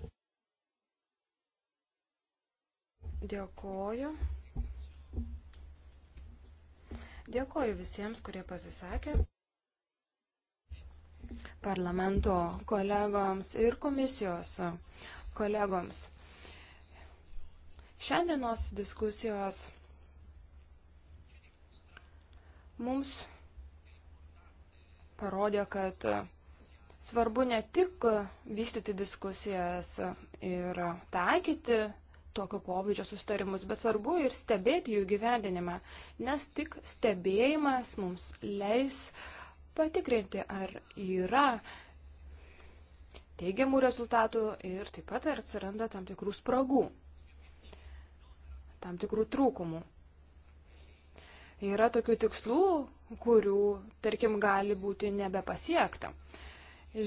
Dėkoju. Dėkoju visiems, kurie pasisakė. Parlamento kolegoms ir komisijos kolegoms. Šiandienos diskusijos mums parodė, kad svarbu ne tik vystyti diskusijas ir taikyti tokio pobūdžio sustarimus, bet svarbu ir stebėti jų gyvendinimą, nes tik stebėjimas mums leis patikrinti, ar yra teigiamų rezultatų ir taip pat ar atsiranda tam tikrų spragų, tam tikrų trūkumų. Yra tokių tikslų, kurių, tarkim, gali būti nebepasiekta.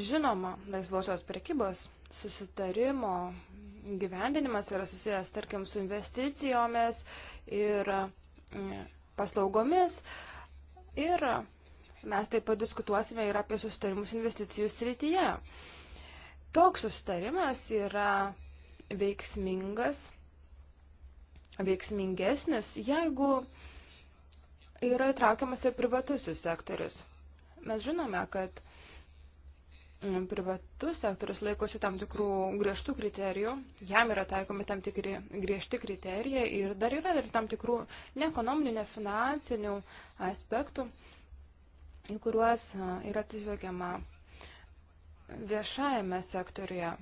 Žinoma, laisvosios prekybos susitarimo gyvendinimas yra susijęs, tarkim, su investicijomis ir mm, paslaugomis. Ir mes taip pat diskutuosime ir apie sustarimus investicijų srityje. Toks sustarimas yra veiksmingas, veiksmingesnis, jeigu yra įtraukiamas ir privatusis sektorius. Mes žinome, kad Mm, privatus sektorius laikosi tam tikrų griežtų kriterijų, jam yra taikomi tam tikri griežti kriterijai ir dar yra ir tam tikrų neekonominių, nefinansinių aspektų, į kuriuos yra atsižvelgiama viešajame sektoriuje.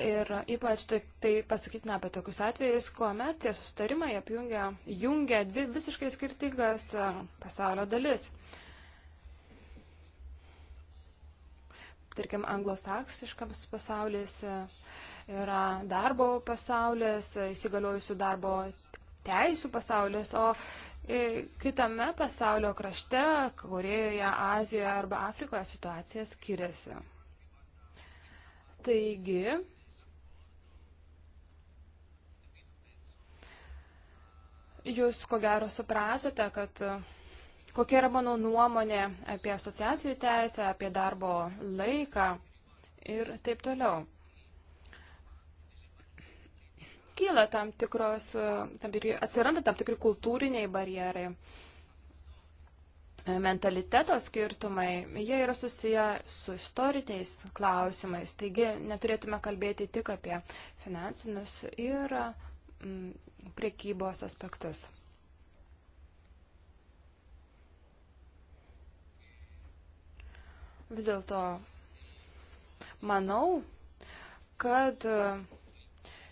Ir ypač tai, tai pasakytina apie tokius atvejus, kuomet tie sustarimai apjungia jungia dvi visiškai skirtingas e, pasaulio dalis. Tarkim, anglosaksiškams pasaulis e, yra darbo pasaulis, e, įsigaliojusių darbo teisų pasaulis, o kitame pasaulio krašte, Korejoje, Azijoje arba Afrikoje situacija skiriasi. Taigi, Jūs ko gero suprasite, kad e, kokia yra mano nuomonė apie asociacijų teisę, apie darbo laiką ir taip toliau. Kyla tam tikros, e, tam tikri, atsiranda tam tikri kultūriniai barjerai, e, mentaliteto skirtumai, jie yra susiję su istoriniais klausimais, taigi neturėtume kalbėti tik apie finansinius ir mm, priekybos aspektus. Vis dėlto manau, kad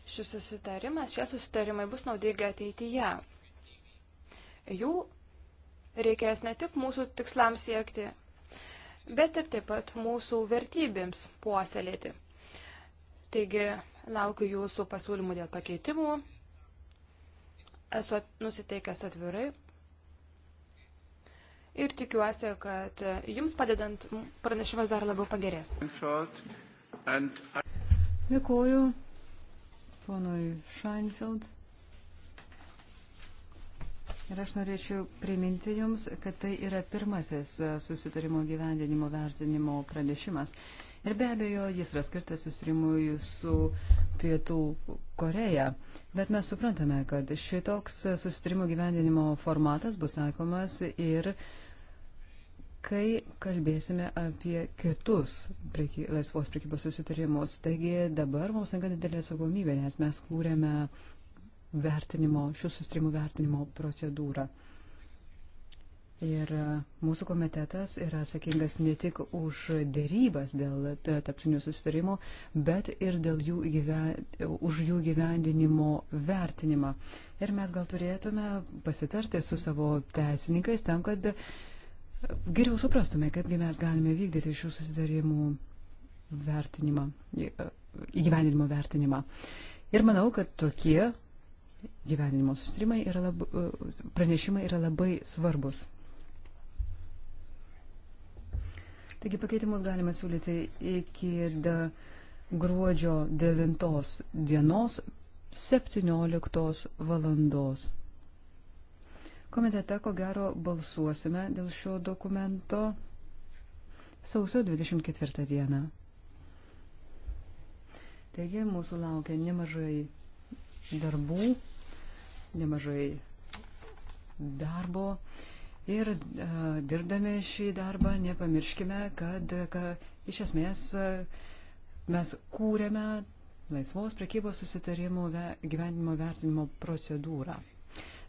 šis susitarimas, šie susitarimai bus naudingi ateityje. Jų reikės ne tik mūsų tikslams siekti, bet ir taip pat mūsų vertybėms puoselėti. Taigi laukiu jūsų pasiūlymų dėl pakeitimų esu nusiteikęs atvirai ir tikiuosi, kad jums padedant pranešimas dar labiau pagerės. Dėkuoju ponui Scheinfeld. Ir aš norėčiau priminti Jums, kad tai yra pirmasis susitarimo gyvendinimo vertinimo pranešimas. Ir be abejo, jis yra skirtas susitrimui su Pietų Koreja. Bet mes suprantame, kad šitoks susitrimų gyvendinimo formatas bus taikomas ir kai kalbėsime apie kitus preky, laisvos prekybos susitarimus. Taigi dabar mums tenka didelė atsakomybė, nes mes kūrėme vertinimo, šių susitrimų vertinimo procedūrą. Ir e, mūsų komitetas yra atsakingas ne tik už dėrybas dėl taptinių susitarimų, bet ir dėl jų gyven, už jų gyvendinimo vertinimą. Ir mes gal turėtume pasitarti su savo teisininkais tam, kad geriau suprastume, kaipgi mes galime vykdyti šių susitarimų vertinimą, e, įgyvendinimo vertinimą. Ir manau, kad tokie gyvenimo sustrimai yra labai, pranešimai yra labai svarbus. Taigi pakeitimus galima siūlyti iki gruodžio 9 dienos 17 valandos. Komitete, ko gero, balsuosime dėl šio dokumento sausio 24 dieną. Taigi mūsų laukia nemažai darbų, nemažai darbo. Ir dirbdami šį darbą nepamirškime, kad, kad iš esmės mes kūrėme laisvos prekybos susitarimų ve, gyvenimo vertinimo procedūrą.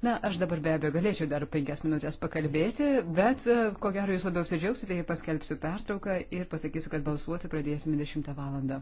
Na, aš dabar be abejo galėčiau dar penkias minutės pakalbėti, bet ko gero jūs labiau apsidžiaugsite, jei paskelbsiu pertrauką ir pasakysiu, kad balsuoti pradėsime 10 valandą.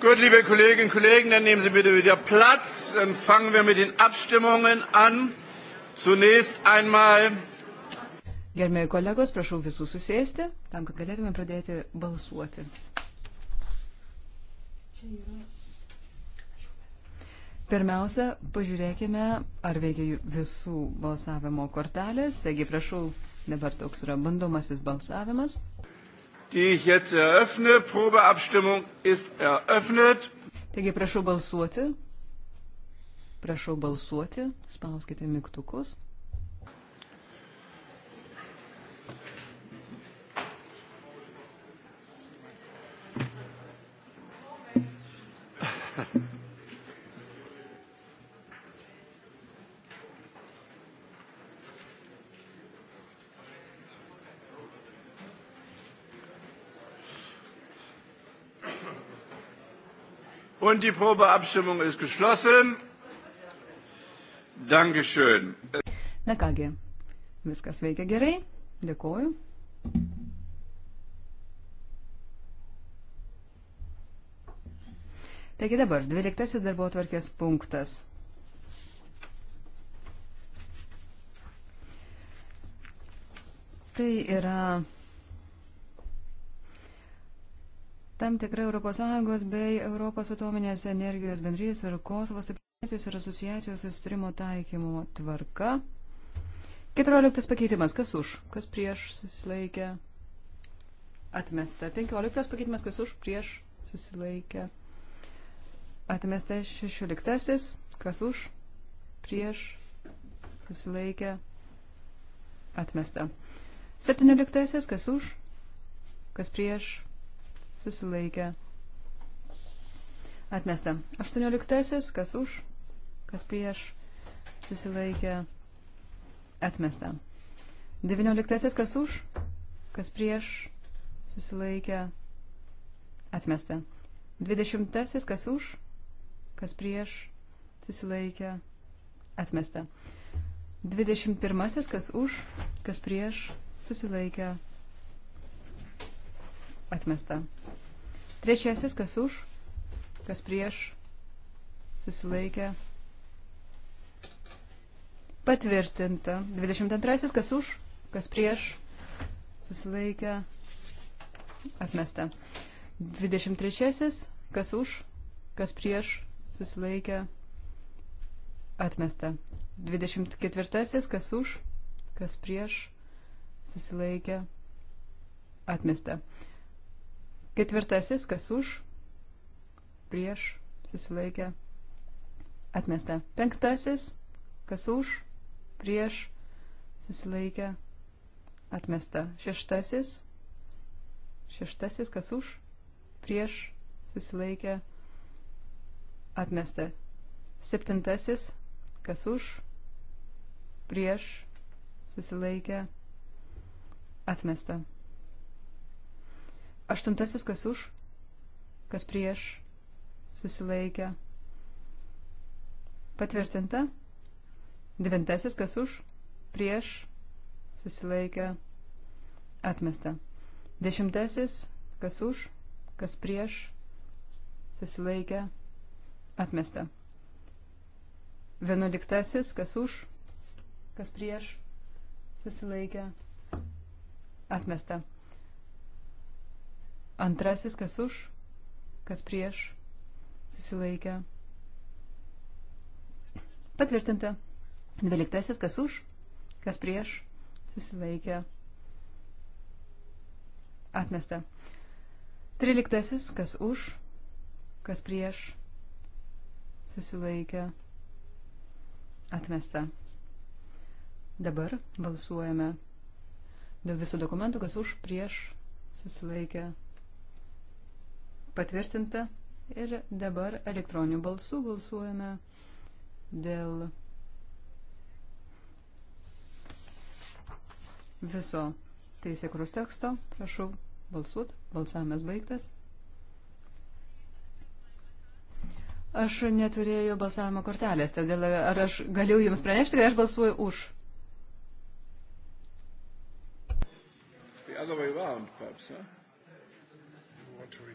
Gut, liebe Kolleginnen und Kollegen, dann nehmen Sie bitte wieder Platz. Dann fangen wir mit den Abstimmungen an. Zunächst einmal. Gerbėjai kolegos, prašau visų susėsti, tam, kad galėtume pradėti balsuoti. Pirmiausia, pažiūrėkime, ar veikia visų balsavimo kortelės. Taigi, prašau, dabar toks yra bandomasis balsavimas die ich jetzt eröffne. Probeabstimmung ist eröffnet. Taigi prašau balsuoti. Prašau balsuoti. Spauskite mygtukus. Und die Probeabstimmung ist geschlossen. Dankeschön. Na kągi, viskas veikia gerai. Dėkuoju. Taigi dabar, dvyliktasis darbo atvarkės punktas. Tai yra Tam tikra ES bei Europos atominės energijos bendrijos ir Kosovo stabilizacijos ir asociacijos sustarimo taikymo tvarka. 14 pakeitimas. Kas už? Kas prieš susilaikė? Atmesta. 15 pakeitimas. Kas už? Prieš susilaikė. Atmesta 16. Kas už? Prieš susilaikė. Atmesta. 17. Kas už? Kas prieš? susilaikė. Atmesta. 18. Kas už, kas prieš, susilaikė. Atmesta. 19. Kas už, kas prieš, susilaikė. Atmesta. 20. Kas už, kas prieš, susilaikė. Atmesta. 21. Kas už, kas prieš, susilaikė atmesta. Trečiasis, kas už, kas prieš, susilaikė, patvirtinta. 22, kas už, kas prieš, susilaikė, atmesta. 23, kas už, kas prieš, susilaikė, atmesta. 24, kas už, kas prieš, susilaikė, atmesta. Ketvirtasis, kas už, prieš, susilaikė, atmesta. Penktasis, kas už, prieš, susilaikė, atmesta. Šeštasis, šeštasis, kas už, prieš, susilaikė, atmesta. Septintasis, kas už, prieš, susilaikė, atmesta. Aštuntasis kas už, kas prieš, susilaikė. Patvirtinta. Devintasis kas už, prieš, susilaikė, atmesta. Dešimtasis kas už, kas prieš, susilaikė, atmesta. Vienuoliktasis kas už, kas prieš, susilaikė, atmesta. Antrasis, kas už, kas prieš, susilaikė. Patvirtinta. Dvyliktasis, kas už, kas prieš, susilaikė. Atmesta. Tryliktasis, kas už, kas prieš, susilaikė. Atmesta. Dabar balsuojame dėl viso dokumento, kas už, prieš, susilaikė. Patvirtinta. Ir dabar elektroniniu balsu balsuojame dėl viso teisėkrus teksto. Prašau balsuot. Balsavimas baigtas. Aš neturėjau balsavimo kortelės, todėl ar aš galiu Jums pranešti, kad aš balsuoju už. The other way around, perhaps, huh?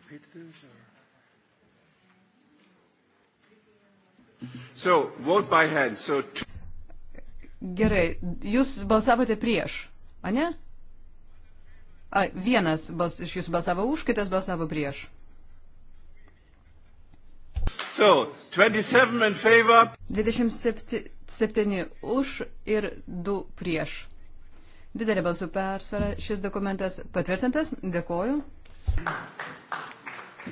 repeat this? Or? So, vote by hand. So two... Gerai, jūs balsavote prieš, ar ne? A, vienas bals, iš jūsų balsavo už, kitas balsavo prieš. So, 27 in favor. 27 už ir 2 prieš. Didelė balsų persvara. Šis dokumentas patvirtintas. Dėkoju.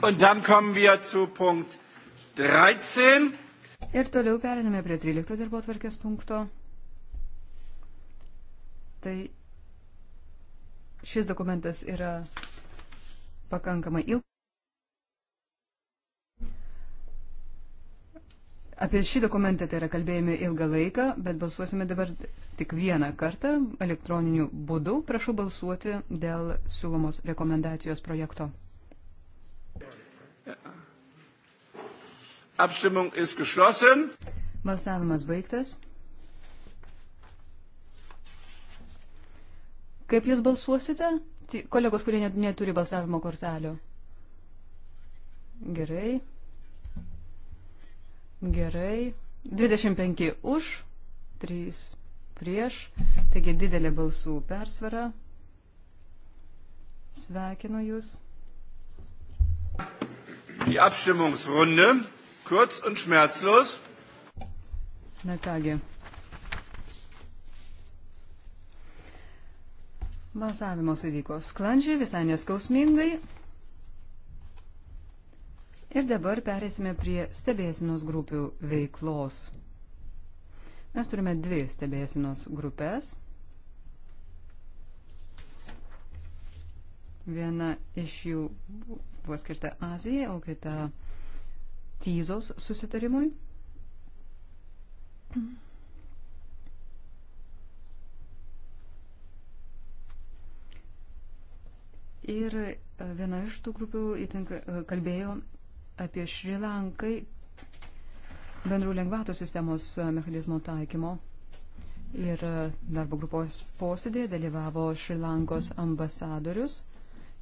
Und dann kommen wir zu Punkt 13. Ir toliau periname prie 13 darbo tvarkės punkto. Tai šis dokumentas yra pakankamai ilgas. Apie šį dokumentą tai yra kalbėjome ilgą laiką, bet balsuosime dabar tik vieną kartą elektroniniu būdu. Prašau balsuoti dėl siūlomos rekomendacijos projekto. Abstimmung ist geschlossen. Balsavimas baigtas. Kaip jūs balsuosite? Kolegos, kurie net, neturi balsavimo kortelių. Gerai. Gerai. 25 už, 3 prieš. Taigi didelė balsų persvara. Sveikinu Jūs. Die Abstimmungsrunde kurz und schmerzlos. Na kągi. Balsavimas įvyko sklandžiai, visai neskausmingai. Ir dabar perėsime prie stebėsinos grupių veiklos. Mes turime dvi stebėsinos grupės. Viena iš jų buvo skirta Azijai, o kita. Okay, Tyzos susitarimui. Ir e, viena iš tų grupių įtin e, kalbėjo apie Šri Lankai bendrų lengvatų sistemos e, mechanizmo taikymo. Ir darbo grupos posėdėje dalyvavo Šri Lankos ambasadorius,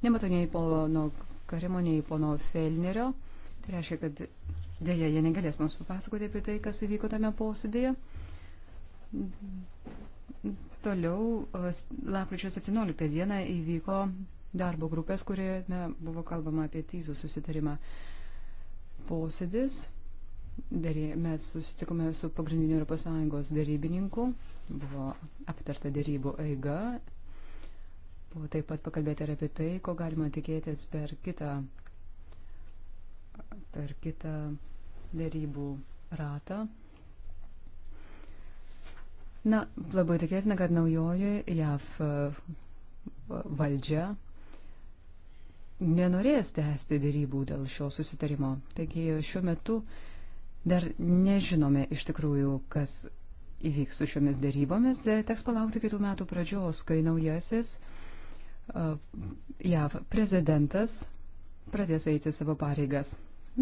nematoniai pono Karimo, nei pono Felnerio. Po Tai reiškia, kad dėja jie negalės mums papasakoti apie tai, kas įvyko tame posėdėje. Toliau, lapkričio 17 dieną įvyko darbo grupės, kurioje buvo kalbama apie tyzų susitarimą posėdis. Dėrė, mes susitikome su pagrindiniu ES dėrybininku, buvo aptarta dėrybų eiga, buvo taip pat pakalbėti ir apie tai, ko galima tikėtis per kitą per kitą dėrybų ratą. Na, labai tikėtina, kad naujoji JAV e, valdžia nenorės tęsti dėrybų dėl šio susitarimo. Taigi šiuo metu dar nežinome iš tikrųjų, kas įvyks su šiomis dėrybomis. E, teks palaukti kitų metų pradžios, kai naujasis e, JAV prezidentas pradės eiti savo pareigas.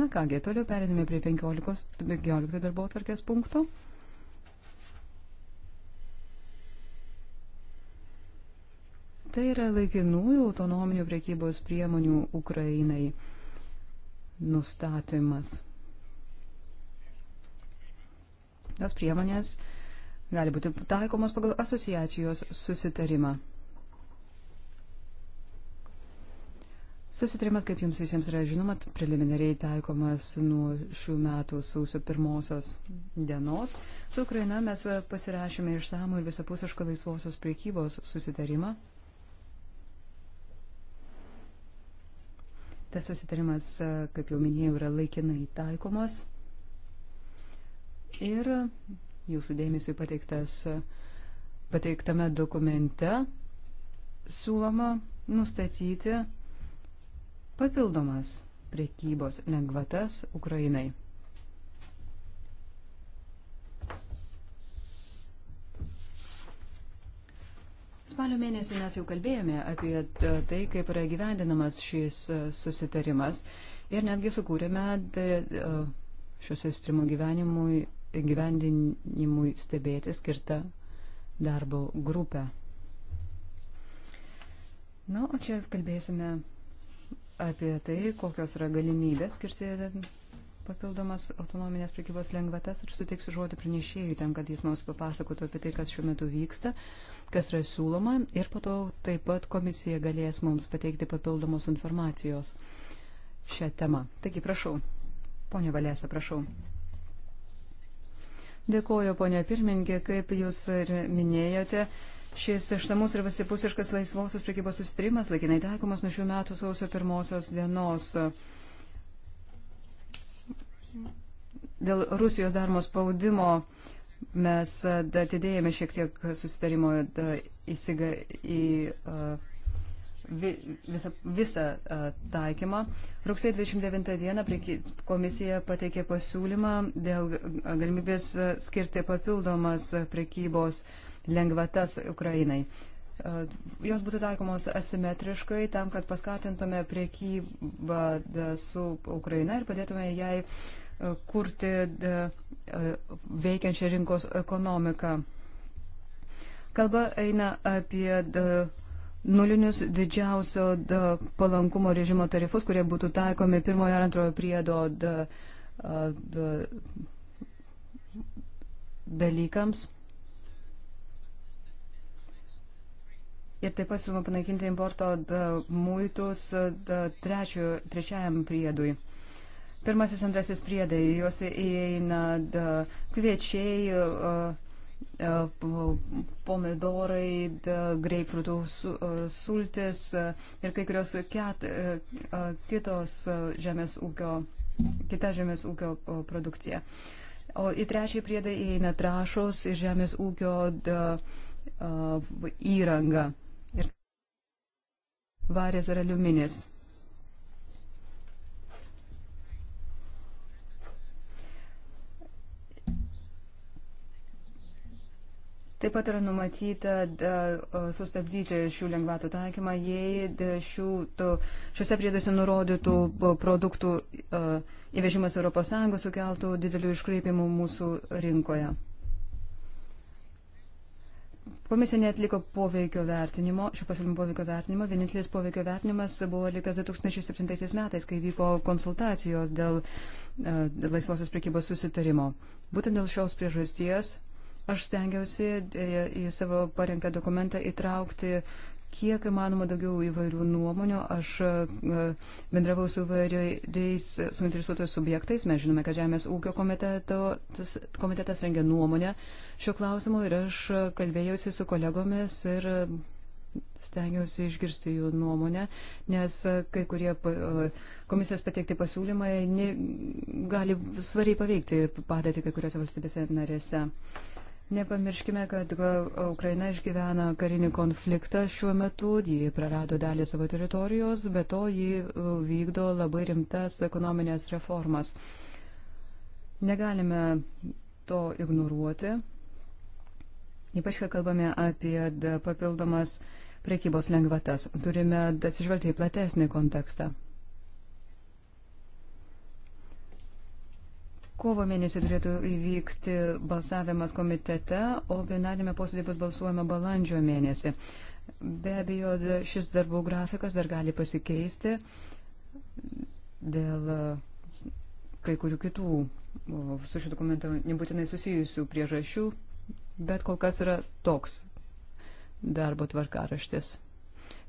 Na kągi, toliau perėdame prie 15, 15 darbo atvarkės punktų. Tai yra laikinųjų autonominių priekybos priemonių Ukrainai nustatymas. Tos priemonės gali būti taikomos pagal asociacijos susitarimą. Susitarimas, kaip jums visiems yra žinoma, preliminariai taikomas nuo šių metų sausio pirmosios dienos. Su Ukraina mes pasirašėme išsamų ir visapusišką laisvosios priekybos susitarimą. Tas susitarimas, kaip jau minėjau, yra laikinai taikomas. Ir jūsų dėmesio pateiktas, pateiktame dokumente siūloma nustatyti papildomas priekybos lengvatas Ukrainai. Spalio mėnesį mes jau kalbėjome apie tai, kaip yra gyvendinamas šis e, susitarimas ir netgi sukūrėme e, šios įstrimo gyvenimui, gyvendinimui stebėti skirtą darbo grupę. Na, nu, o čia kalbėsime apie tai, kokios yra galimybės skirti papildomas autonominės prekybos lengvatas ir suteiksiu žodį pranešėjui tam, kad jis mums papasakotų apie tai, kas šiuo metu vyksta, kas yra siūloma ir po to taip pat komisija galės mums pateikti papildomos informacijos šią temą. Taigi, prašau, ponia Valėsa, prašau. Dėkuoju, ponia pirmininkė, kaip jūs ir minėjote. Šis išsamus ir visipusiškas laisvosios priekybos sustrimas laikinai taikomas nuo šių metų sausio pirmosios dienos. Dėl Rusijos darmo spaudimo mes atidėjame šiek tiek susitarimo įsiga, į visą, visą taikymą. Rugsėjo 29 dieną komisija pateikė pasiūlymą dėl galimybės skirti papildomas prekybos uh, lengvatas Ukrainai. E, jos būtų taikomos asimetriškai tam, kad paskatintume priekybą e, su Ukraina ir padėtume jai e, kurti veikiančią rinkos ekonomiką. Kalba eina apie nulinius didžiausio palankumo režimo tarifus, kurie būtų taikomi pirmojo ir antrojo priedo dalykams. Da, da, Ir taip pat siūloma panaikinti importo muitus trečio, trečiajam priedui. Pirmasis, antrasis priedai, juos įeina da, kviečiai, a, a, pomidorai, da, greipfrutų su, a, sultis ir kai kurios ket, kitos žemės ūkio, kita žemės ūkio produkcija. O į trečią priedą įeina trašos ir žemės ūkio da, įranga. Uh, varis ir aliuminis. Taip pat yra numatyta sustabdyti šių lengvatų taikymą, jei šių, to, šiuose prieduose nurodytų produktų įvežimas ES sukeltų didelių iškreipimų mūsų rinkoje. Komisija netliko poveikio vertinimo, šio pasiūlymo poveikio vertinimo. Vienintelis poveikio vertinimas buvo atliktas 2007 metais, kai vyko konsultacijos dėl uh, laisvosios prekybos susitarimo. Būtent dėl šios priežasties aš stengiausi e, į savo parengtą dokumentą įtraukti uh, kiek įmanoma daugiau įvairių nuomonių. Aš e, bendravau su įvairiais suinteresuotais subjektais. Mes žinome, kad Žemės ūkio komitetas, komitetas rengia nuomonę šio klausimu ir aš kalbėjausi su kolegomis ir stengiausi išgirsti jų nuomonę, nes kai kurie e, komisijos pateikti pasiūlymai gali svariai paveikti padėti kai kuriuose valstybėse narėse. Uh, Nepamirškime, kad e, Ukraina išgyvena karinį konfliktą šiuo metu, ji prarado dalį savo teritorijos, bet to ji e, vykdo labai rimtas ekonominės reformas. Negalime to ignoruoti, ypač kai kalbame apie papildomas prekybos lengvatas. Turime atsižvelgti į platesnį kontekstą. Kovo mėnesį turėtų įvykti balsavimas komitete, o plenarime posėdėje bus balsuojama balandžio mėnesį. Be abejo, šis darbų grafikas dar gali pasikeisti dėl e, kai kurių kitų su šiuo dokumentu nebūtinai susijusių priežasčių, bet kol kas yra toks darbo tvarkaraštis.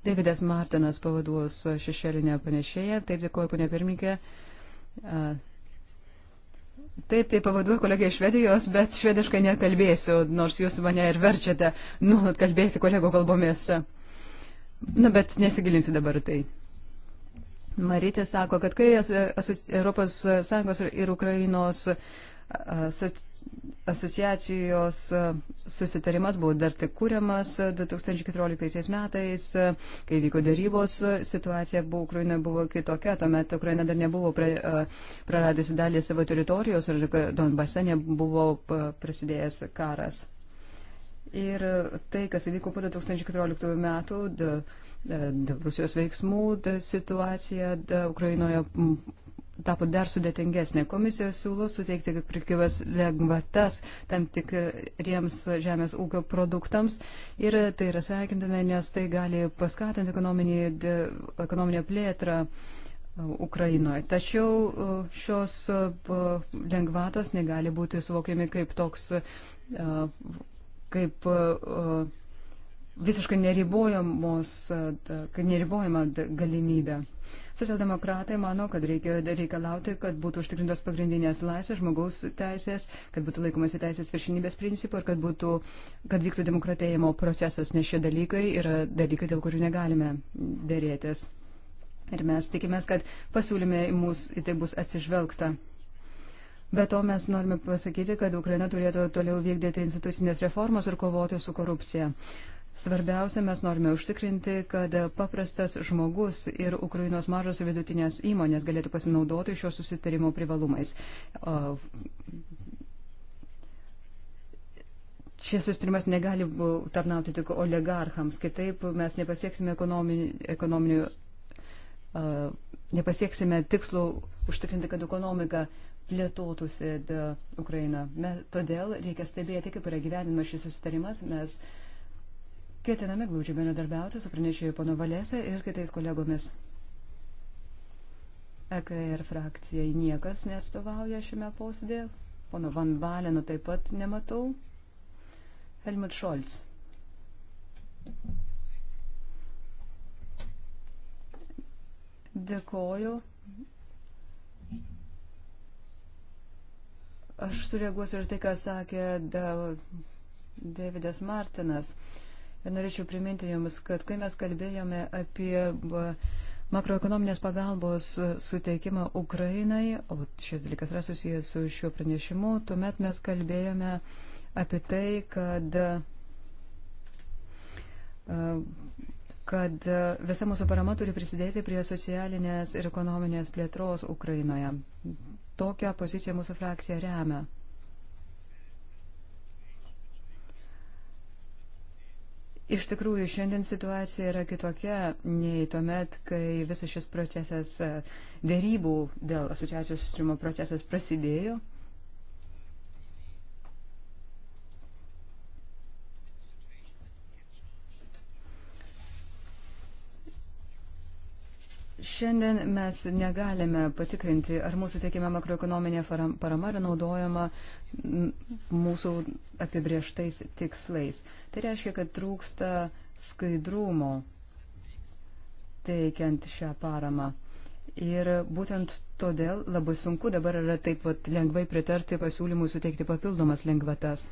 Davidas Martinas pavaduos šešėlinę panešėją, taip dėkoju, ponė pirmininkė. E, Taip, tai pavaduoju kolegę iš Švedijos, bet švediškai nekalbėsiu, nors jūs mane ir verčiate nuolat kalbėti kolego kalbomis. Na, bet nesigilinsiu dabar tai. Marytė sako, kad kai Europos Sąjungos ir Ukrainos asociacijos e, susitarimas buvo dar tik kūriamas 2014 e, metais, e, kai vyko darybos, situacija buvo, Ukraina buvo kitokia, tuomet Ukraina dar nebuvo praradusi dalį savo teritorijos ir Donbase nebuvo prasidėjęs karas. Ir tai, kas įvyko po 2014 metų, da, da, Rusijos veiksmų da, situacija da, Ukrainoje tapo dar sudėtingesnė. Komisija siūlo suteikti prikivas lengvatas tam tikriems žemės ūkio produktams ir tai yra sveikintina, nes tai gali paskatinti ekonominę plėtrą. Uh, Ukrainoje. Tačiau uh, šios uh, lengvatos negali būti suvokiami kaip toks, kaip visiškai neribojamos, neribojama galimybė. Socialdemokratai mano, kad reikia reikalauti, kad būtų užtikrintos pagrindinės laisvės, žmogaus teisės, kad būtų laikomasi teisės viršinybės principų ir kad, būtų, kad vyktų demokratėjimo procesas, nes šie dalykai yra dalykai, dėl kurių negalime dėrėtis. Ir mes tikimės, kad pasiūlyme į mūsų į tai bus atsižvelgta. Be to mes norime pasakyti, kad Ukraina turėtų toliau vykdyti institucinės reformas ir kovoti su korupcija. Svarbiausia, mes norime užtikrinti, kad paprastas žmogus ir Ukrainos mažos ir vidutinės įmonės galėtų pasinaudoti šio susitarimo privalumais. Šis sustarimas negali tarnauti tik oligarchams, kitaip mes nepasieksime ekonominių, uh, nepasieksime tikslų užtikrinti, kad ekonomika plėtotųsi Ukrainoje. Todėl reikia stebėti, kaip yra gyvenimas šis sustarimas. Mes uh, Ketiname glūdžiai bendradarbiauti su pranešėju pono Valėse ir kitais kolegomis. EKR frakcijai niekas neatstovauja šiame posėdėje. Pono Van Valeno taip pat nematau. Helmut Scholz. Dėkoju. Aš sureaguosiu ir tai, ką sakė Davidas Martinas. Uh, Ir norėčiau priminti Jums, kad kai mes kalbėjome apie makroekonominės pagalbos suteikimą Ukrainai, o šis dalykas yra susijęs su šiuo pranešimu, tuomet mes kalbėjome apie tai, kad kad visa mūsų parama turi prisidėti prie socialinės ir ekonominės plėtros Ukrainoje. Tokią poziciją mūsų frakcija remia. Iš tikrųjų, šiandien situacija yra kitokia nei tuomet, kai visas šis procesas e, dėrybų dėl asociacijos susirimo procesas prasidėjo. Šiandien mes negalime patikrinti, ar mūsų teikiama makroekonominė parama yra naudojama mūsų apibrieštais tikslais. Tai reiškia, kad trūksta skaidrumo teikiant šią paramą. Ir būtent todėl labai sunku dabar yra taip pat lengvai pritarti pasiūlymui suteikti papildomas lengvatas.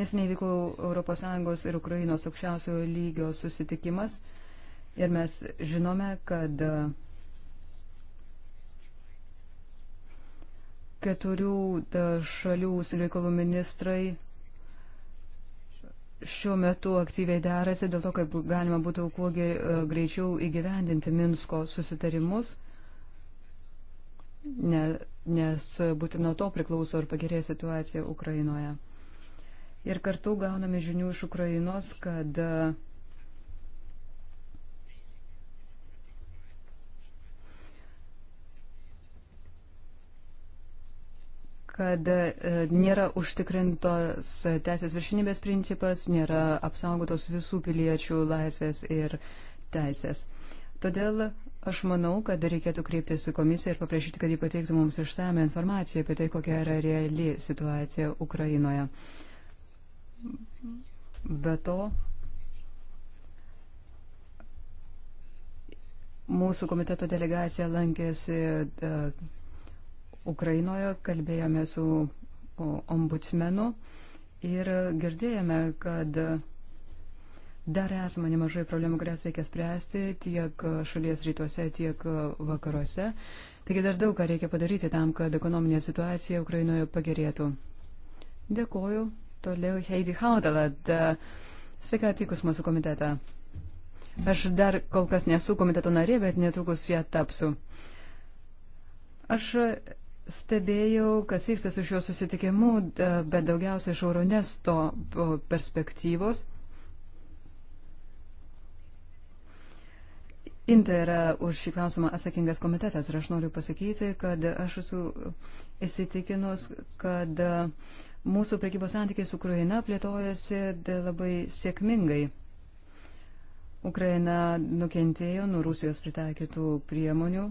Nes nevyko ES ir Ukrainos aukščiausiojo lygio susitikimas Ir mes žinome, kad keturių šalių užsienio reikalų ministrai šiuo metu aktyviai derasi dėl to, kaip galima būtų kuo greičiau įgyvendinti Minsko susitarimus, ne, nes būtent nuo to priklauso ir pagerėja situacija Ukrainoje. Ir kartu gauname žinių iš Ukrainos, kad uh, kad e, nėra užtikrintos teisės viršinybės principas, nėra apsaugotos visų piliečių laisvės ir teisės. Todėl aš manau, kad reikėtų kreiptis į komisiją ir paprašyti, kad jį pateiktų mums išsame informaciją apie tai, kokia yra reali situacija Ukrainoje. Be to, mūsų komiteto delegacija lankėsi. Uh, Ukrainoje, kalbėjome su ombudsmenu ir girdėjome, kad Dar esame nemažai problemų, kurias reikia spręsti tiek šalies rytuose, tiek vakaruose. Taigi dar daug ką reikia padaryti tam, kad ekonominė situacija Ukrainoje pagerėtų. Dėkoju. Toliau Heidi Hautala. Sveika atvykus mūsų komitetą. Aš dar kol kas nesu komiteto narė, bet netrukus ją tapsiu. Aš stebėjau, kas vyksta su šiuo susitikimu, e, bet daugiausia iš Euronesto perspektyvos. Inta yra už šį klausimą atsakingas komitetas ir aš noriu pasakyti, kad aš esu įsitikinus, kad mūsų prekybos santykiai su Ukraina plėtojasi labai sėkmingai. Ukraina nukentėjo nuo Rusijos pritaikytų priemonių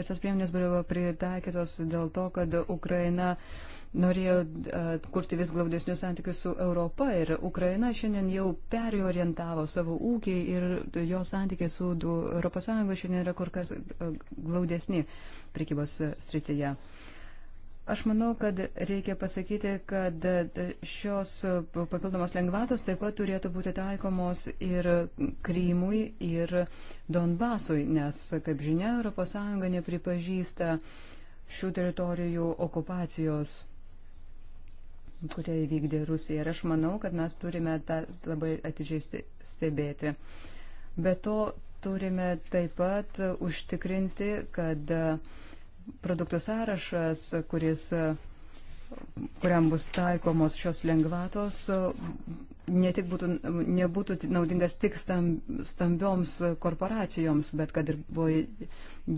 Ir tas priemonės buvo pritaikytos dėl to, kad Ukraina norėjo kurti vis glaudesnius santykius su Europa ir Ukraina šiandien jau periorientavo savo ūkį ir jo santykiai su ES šiandien yra kur kas glaudesni prekybos srityje. Aš manau, kad reikia pasakyti, kad šios papildomos lengvatos taip pat turėtų būti taikomos ir Krymui, ir Donbasui, nes, kaip žinia, ES nepripažįsta šių teritorijų okupacijos, kurią įvykdė Rusija. Ir aš manau, kad mes turime tą labai atidžiai stebėti. Be to, turime taip pat užtikrinti, kad uh, produktų sąrašas, kuris, kuriam bus taikomos šios lengvatos, ne tik būtų, nebūtų naudingas tik stambioms korporacijoms, bet kad ir buvo,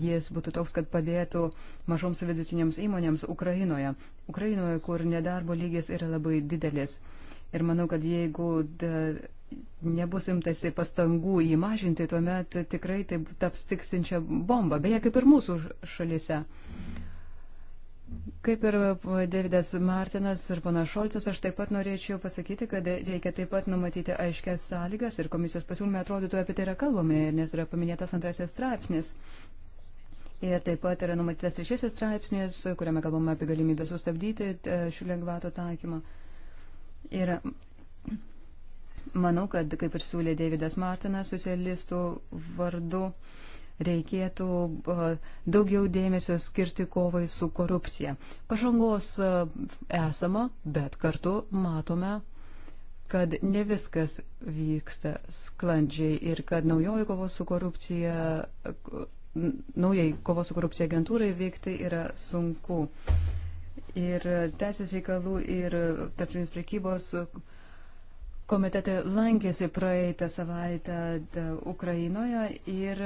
jis būtų toks, kad padėtų mažoms ir vidutinėms įmonėms Ukrainoje. Ukrainoje, kur nedarbo lygis yra labai didelis. Ir manau, kad jeigu da, nebus imtasi pastangų įmažinti, tuomet tikrai tai taps tiksinčia bomba, beje, kaip ir mūsų šalise. Kaip ir Davidas Martinas ir pana Šolcas, aš taip pat norėčiau pasakyti, kad reikia taip pat numatyti aiškias sąlygas ir komisijos pasiūlymė atrodytų apie tai yra kalbame, nes yra paminėtas antrasis straipsnis. Ir taip pat yra numatytas trečiasis straipsnis, kuriame kalbama apie galimybę sustabdyti e, šių lengvato taikymą. Ir Manau, kad, kaip ir siūlė Davidas Martinas, socialistų vardu reikėtų daugiau dėmesio skirti kovai su korupcija. Pažangos esama, bet kartu matome, kad ne viskas vyksta sklandžiai ir kad naujoji kovos su korupcija, naujai kovos su korupcija agentūrai veikti yra sunku. Ir teisės reikalų ir tarptautinis prekybos komitete lankėsi praeitą savaitę Ukrainoje ir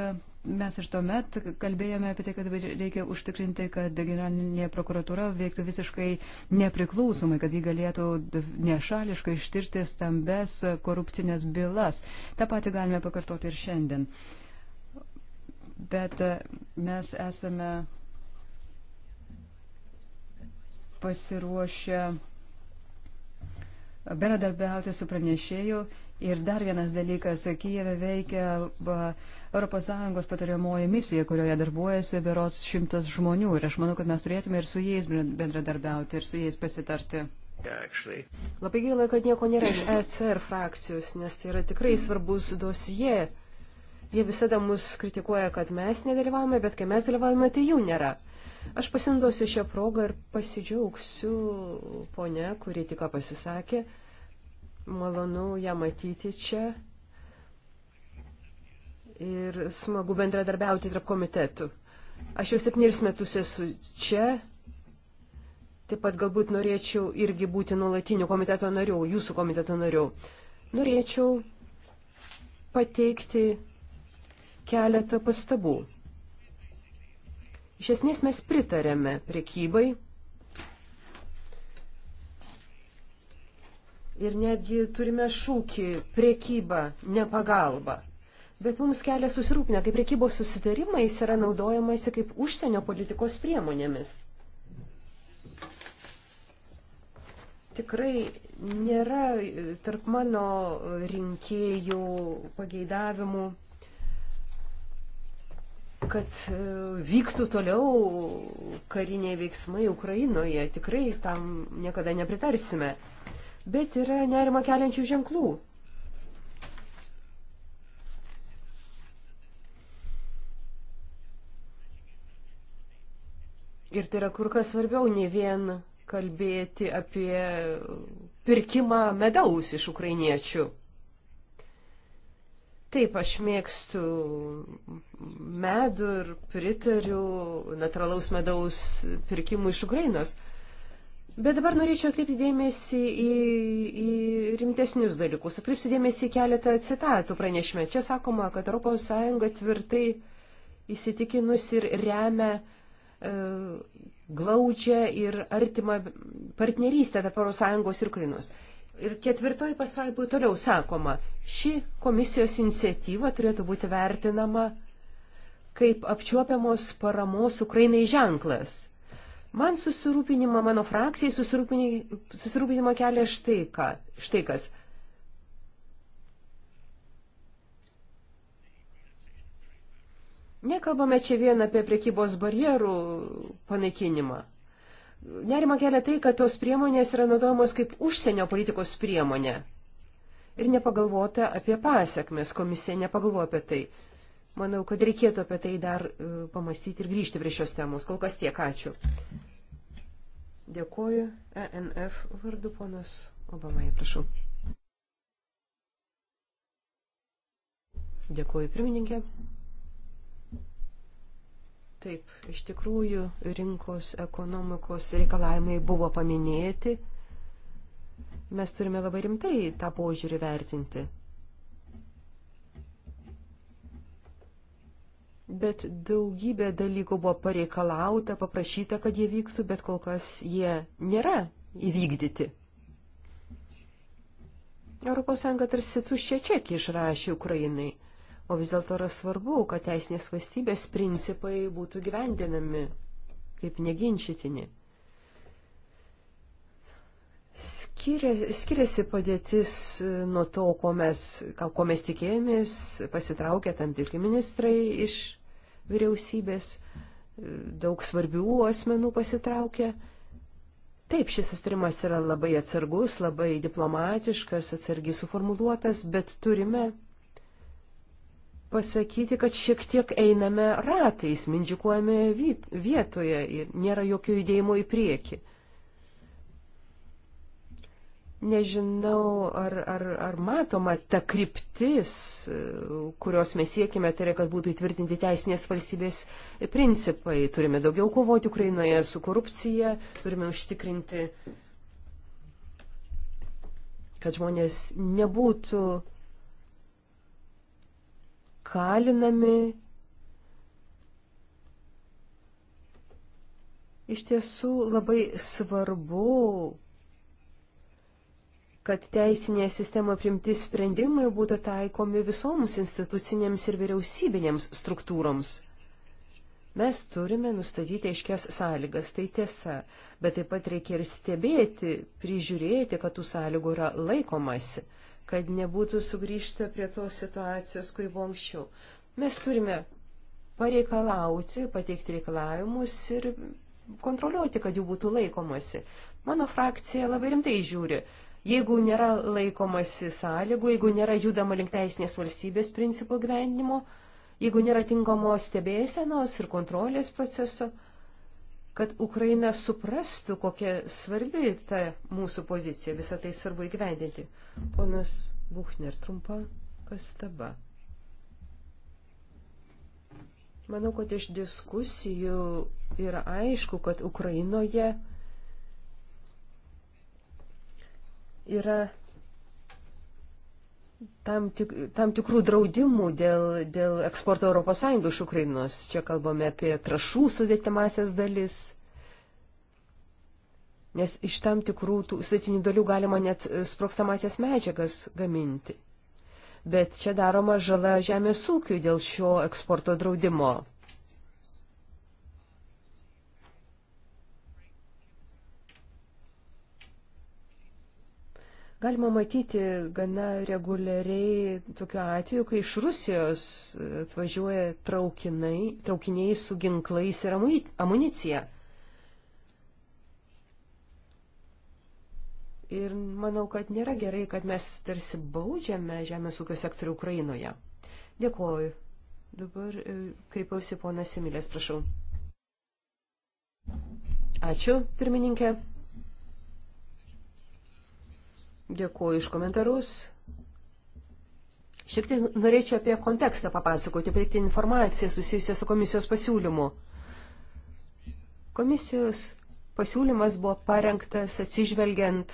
mes ir tuomet kalbėjome apie tai, kad reikia užtikrinti, kad generalinė prokuratūra veiktų visiškai nepriklausomai, kad ji galėtų nešališkai ištirti stambes korupcinės bylas. Ta pati galime pakartoti ir šiandien. Bet e, mes esame pasiruošę bendradarbiauti su pranešėju. Ir dar vienas dalykas, Kijeve veikia ES patariamoji misija, kurioje darbuojasi berots šimtas žmonių. Ir aš manau, kad mes turėtume ir su jais bendradarbiauti, ir su jais pasitarti. Actually. Labai gaila, kad nieko nėra iš ECR frakcijos, nes tai yra tikrai svarbus dosije. Jie visada mus kritikuoja, kad mes nedalyvavome, bet kai mes dalyvavome, tai jų nėra. Aš pasinaudosiu šią progą ir pasidžiaugsiu ponę, kuri tik pasisakė. Malonu ją matyti čia. Ir smagu bendradarbiauti tarp komitetų. Aš jau septynerius metus esu čia. Taip pat galbūt norėčiau irgi būti nuolatiniu komiteto nariu, jūsų komiteto nariu. Norėčiau pateikti keletą pastabų. Iš esmės mes pritarėme prekybai ir netgi turime šūkį prekyba, ne pagalba. Bet mums kelia susirūpinę, kaip prekybos susitarimais yra naudojamasi kaip užsienio politikos priemonėmis. Tikrai nėra e, tarp mano rinkėjų pageidavimų kad e, vyktų toliau kariniai veiksmai Ukrainoje. Tikrai tam niekada nepritarsime. Bet yra nerima keliančių ženklų. Ir tai yra kur kas svarbiau, ne vien kalbėti apie pirkimą medaus iš ukrainiečių. Taip, aš mėgstu medų ir pritariu natūralaus medaus pirkimų iš Ukrainos. Bet dabar norėčiau atkreipti dėmesį į, į rimtesnius dalykus. Atkreipsiu dėmesį į keletą citatų pranešime. Čia sakoma, kad ES tvirtai įsitikinus ir remia e, glaudžią ir artimą partnerystę tarp ES ir Ukrainos. Ir ketvirtoji pastraipoje toliau sakoma, ši komisijos iniciatyva turėtų būti vertinama kaip apčiuopiamos paramos Ukrainai ženklas. Man susirūpinimą, mano frakcijai susirūpinimą kelia štai, ką, štai kas. Nekalbame čia vien apie priekybos barjerų panaikinimą. Nerima kelia tai, kad tos priemonės yra naudojamos kaip užsienio politikos priemonė. Ir nepagalvota apie pasiekmes, komisija nepagalvoja apie tai. Manau, kad reikėtų apie tai dar e, pamastyti ir grįžti prie šios temos. Kol kas tiek, ačiū. Dėkuoju. ENF vardu ponas Obamai, prašau. Dėkuoju, pirmininkė. Taip, iš tikrųjų, rinkos ekonomikos reikalavimai buvo paminėti. Mes turime labai rimtai tą požiūrį vertinti. bet daugybė dalykų buvo pareikalauta, paprašyta, kad jie vyktų, bet kol kas jie nėra įvykdyti. ES tarsi tuščia čekį išrašė Ukrainai, o vis dėlto yra svarbu, kad teisinės valstybės principai būtų gyvendinami kaip neginčytini. Skiria, skiriasi padėtis nuo to, ko mes, ko mes tikėjomės, pasitraukė tam tikri ministrai iš vyriausybės, e, daug svarbių asmenų pasitraukė. Taip, šis sustarimas yra labai atsargus, labai diplomatiškas, atsargiai suformuluotas, bet turime pasakyti, kad šiek tiek einame ratais, mindžikuojame vietoje ir nėra jokio judėjimo į priekį. Nežinau, ar, ar, ar matoma ta kryptis, kurios mes siekime, tai yra, kad būtų įtvirtinti teisinės valstybės principai. Turime daugiau kovoti Ukrainoje su korupcija, turime užtikrinti, kad žmonės nebūtų kalinami. Iš tiesų labai svarbu, kad teisinėje sistemoje primti sprendimai būtų taikomi visoms institucinėms ir vyriausybinėms struktūroms. Mes turime nustatyti aiškias sąlygas, tai tiesa, bet taip pat reikia ir stebėti, prižiūrėti, kad tų sąlygų yra laikomasi, kad nebūtų sugrįžta prie tos situacijos, kuri buvo anksčiau. Mes turime pareikalauti, pateikti reikalavimus ir kontroliuoti, kad jų būtų laikomasi. Mano frakcija labai rimtai žiūri Jeigu nėra laikomasi sąlygų, jeigu nėra judama link teisinės valstybės principų gyvenimo, jeigu nėra tinkamos stebėsenos ir kontrolės proceso, kad Ukraina suprastų, kokia svarbi ta mūsų pozicija, visą tai svarbu įgyvendinti. Ponas Buchner, trumpa pastaba. Manau, kad iš diskusijų yra aišku, kad Ukrainoje yra tam, tik, tam tikrų draudimų dėl, dėl eksporto ES iš Ukrainos. Čia kalbame apie trašų sudėtimasias dalis. Nes iš tam tikrų sudėtinių dalių galima net sprokstamasias medžiagas gaminti. Bet čia daroma žala žemės ūkiui dėl šio eksporto draudimo. Galima matyti gana reguliariai tokiu atveju, kai iš Rusijos atvažiuoja traukinai, traukiniai su ginklais ir amunicija. Ir manau, kad nėra gerai, kad mes tarsi baudžiame žemės ūkio sektorių Ukrainoje. Dėkuoju. Dabar e, kreipiausi ponas Similės, prašau. Ačiū, pirmininkė. Dėkuoju iš komentarus. Šiek tiek norėčiau apie kontekstą papasakoti, pateikti informaciją susijusią su komisijos pasiūlymu. Komisijos pasiūlymas buvo parengtas atsižvelgiant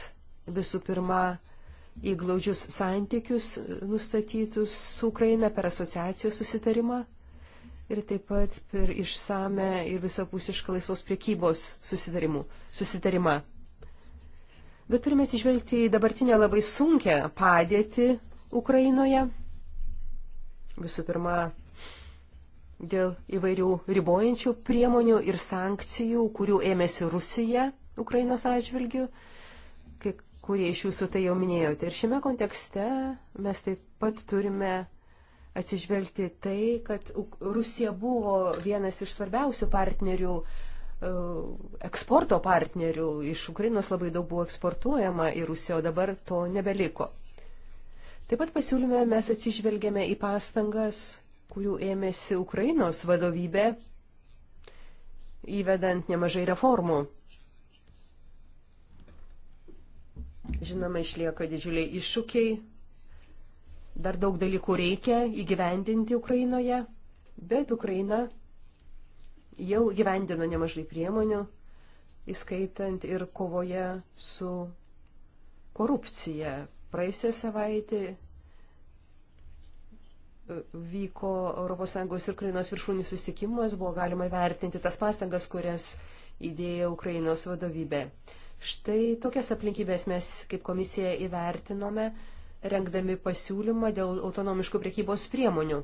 visų pirma į glaudžius santykius nustatytus su Ukraina per asociacijos susitarimą ir taip pat per išsame ir visapusišką laisvos priekybos susitarimą. Bet turime atsižvelgti į dabartinę labai sunkę padėtį Ukrainoje. Visų pirma, dėl įvairių ribojančių priemonių ir sankcijų, kurių ėmėsi Rusija Ukrainos atžvilgių, kai kurie iš jūsų tai jau minėjote. Ir šiame kontekste mes taip pat turime atsižvelgti tai, kad Rusija buvo vienas iš svarbiausių partnerių E, eksporto partnerių. Iš Ukrainos labai daug buvo eksportuojama į Rusiją, o dabar to nebeliko. Taip pat pasiūlyme mes atsižvelgėme į pastangas, kurių ėmėsi Ukrainos vadovybė, įvedant nemažai reformų. Žinoma, išlieka didžiuliai iššūkiai, dar daug dalykų reikia įgyvendinti Ukrainoje, bet Ukraina jau gyvendino nemažai priemonių, įskaitant ir kovoje su korupcija. Praėjusią savaitę vyko ES ir Ukrainos viršūnių susitikimas, buvo galima vertinti tas pastangas, kurias įdėjo Ukrainos vadovybė. Štai tokias aplinkybės mes kaip komisija įvertinome, rengdami pasiūlymą dėl autonomiškų priekybos priemonių.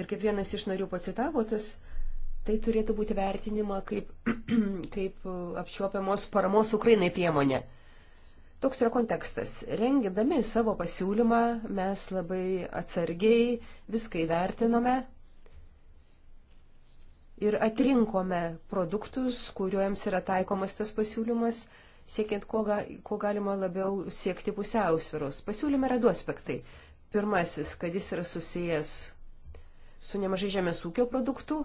Ir kaip vienas iš narių pacitavo, tas, tai turėtų būti vertinima kaip, (clears throat) kaip uh, apčiuopiamos paramos Ukrainai priemonė. Toks yra kontekstas. Rengdami savo pasiūlymą mes labai atsargiai viską įvertinome ir atrinkome produktus, kuriuoms yra taikomas tas pasiūlymas, siekiant, kuo, ga, kuo galima labiau siekti pusiausviros. Pasiūlyme yra du aspektai. Pirmasis, kad jis yra susijęs su nemažai žemės ūkio produktų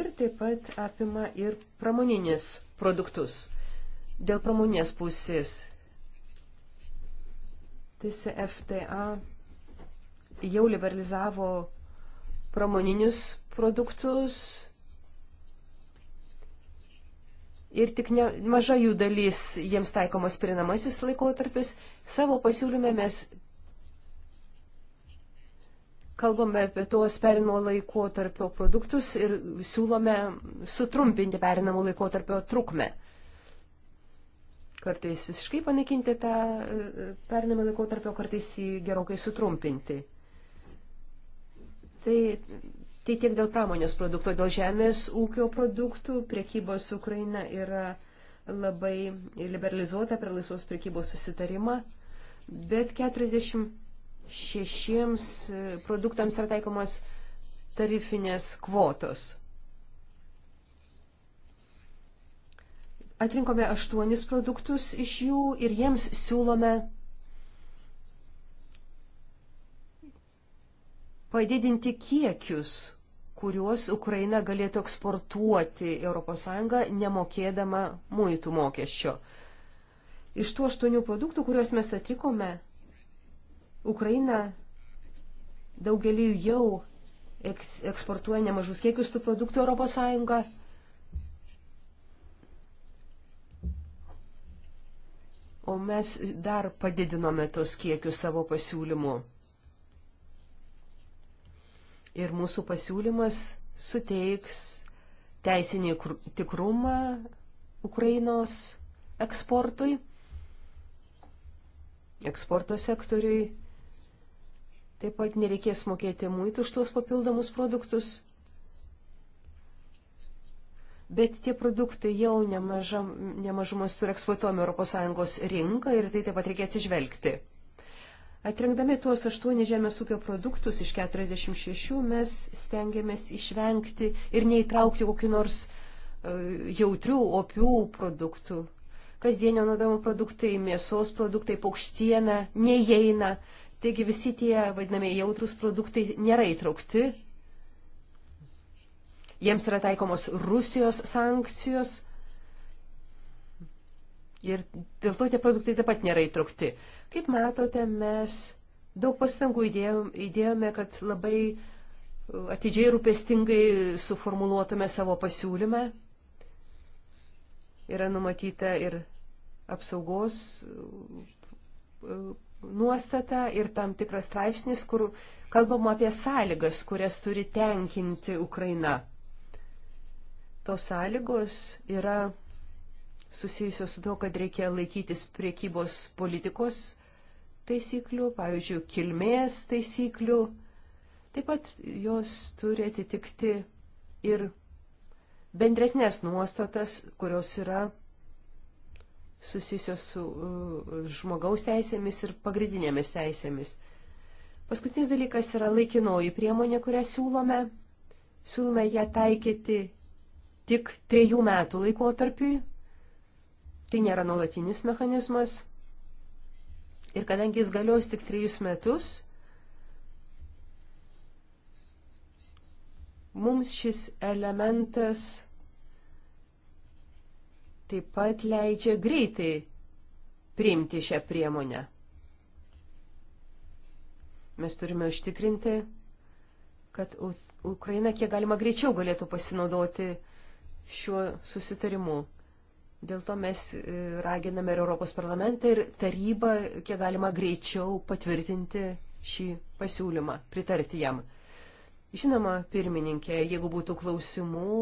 ir taip pat apima ir pramoninis produktus. Dėl pramoninės pusės TCFTA jau liberalizavo pramoninius produktus ir tik ne, maža jų dalis jiems taikomas perinamasis laikotarpis. Savo pasiūlyme mes kalbame apie tuos perinimo laikotarpio produktus ir siūlome sutrumpinti perinamo laikotarpio trukmę. Kartais visiškai panaikinti tą e, perinamą laikotarpio, kartais jį gerokai sutrumpinti. Tai, tai tiek dėl pramonės produkto, dėl žemės ūkio produktų, priekybos Ukraina yra labai liberalizuota per laisvos priekybos susitarimą, bet 40 šešiems e, produktams yra taikomos tarifinės kvotos. Atrinkome aštuonis produktus iš jų ir jiems siūlome padidinti kiekius, kuriuos Ukraina galėtų eksportuoti ES nemokėdama muitų mokesčio. Iš tų aštuonių produktų, kuriuos mes atrikome, Ukraina daugelį jau eks, eksportuoja nemažus kiekius tų produktų Europos Sąjunga. O mes dar padidinome tos kiekius savo pasiūlymu. Ir mūsų pasiūlymas suteiks teisinį tikrumą Ukrainos eksportui, eksporto sektoriui Taip pat nereikės mokėti muitų už tuos papildomus produktus. Bet tie produktai jau nemažam, nemažumas turi eksploatuojami ES rinką ir tai taip pat reikia atsižvelgti. Atrinkdami tuos aštuonis žemės ūkio produktus iš 46 mes stengiamės išvengti ir neįtraukti kokiu nors e, jautrių, opių produktų. Kasdienio naudojimo produktai, mėsos produktai, paukštiena neįeina. Taigi visi tie vadinamieji jautrus produktai nėra įtraukti. Jiems yra taikomos Rusijos sankcijos. Ir dėl to tie produktai taip pat nėra įtraukti. Kaip matote, mes daug pastangų įdėjome, kad labai uh, atidžiai rūpestingai suformuluotume savo pasiūlymą. Yra numatyta ir apsaugos uh, uh, nuostata ir tam tikras straipsnis, kur kalbama apie sąlygas, kurias turi tenkinti Ukraina. Tos sąlygos yra susijusios su to, kad reikia laikytis priekybos politikos taisyklių, pavyzdžiui, kilmės taisyklių. Taip pat jos turi atitikti ir bendresnės nuostatas, kurios yra susijusios su e, žmogaus teisėmis ir pagrindinėmis teisėmis. Paskutinis dalykas yra laikinoji priemonė, kurią siūlome. Siūlome ją taikyti tik trejų metų laikotarpiui. Tai nėra nuolatinis mechanizmas. Ir kadangi jis galios tik trejus metus, mums šis elementas taip pat leidžia greitai priimti šią priemonę. Mes turime užtikrinti, kad Ukraina kiek galima greičiau galėtų pasinaudoti šiuo susitarimu. Dėl to mes e, raginame ir Europos parlamentą, ir tarybą, kiek galima greičiau patvirtinti šį pasiūlymą, pritarti jam. Žinoma, pirmininkė, jeigu būtų klausimų,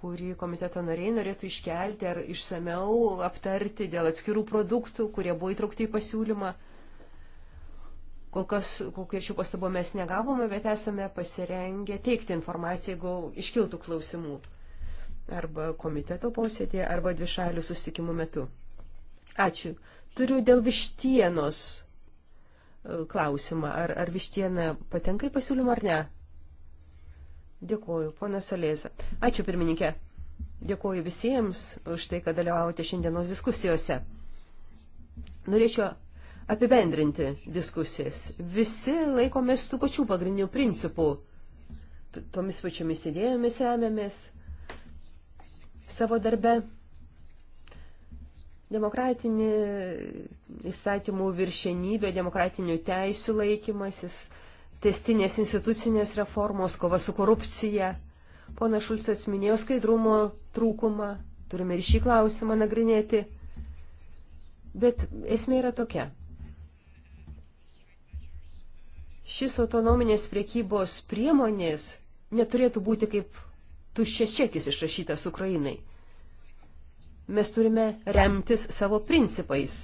kurį komiteto nariai norėtų iškelti ar išsameu aptarti dėl atskirų produktų, kurie buvo įtraukti į pasiūlymą, kol kas kokių šių pastabų mes negavome, bet esame pasirengę teikti informaciją, jeigu iškiltų klausimų arba komiteto posėdėje, arba dvišalių susitikimų metu. Ačiū. Turiu dėl vištienos e, klausimą. Ar, ar vištiena patenka į pasiūlymą ar ne? Dėkuoju, ponas Salėza. Ačiū, pirmininkė. Dėkuoju visiems už tai, kad dalyvaujate šiandienos diskusijose. Norėčiau apibendrinti diskusijas. Visi laikomės tų pačių pagrindinių principų. Tomis pačiomis idėjomis remiamės savo darbe. Demokratinė įstatymų viršenybė, demokratinių teisų laikymasis, testinės institucinės reformos, kova su korupcija. Pona Šulcas minėjo skaidrumo trūkumą, turime ir šį klausimą nagrinėti. Bet esmė yra tokia. Šis autonominės priekybos priemonės neturėtų būti kaip tuščias čekis išrašytas Ukrainai. Mes turime remtis savo principais.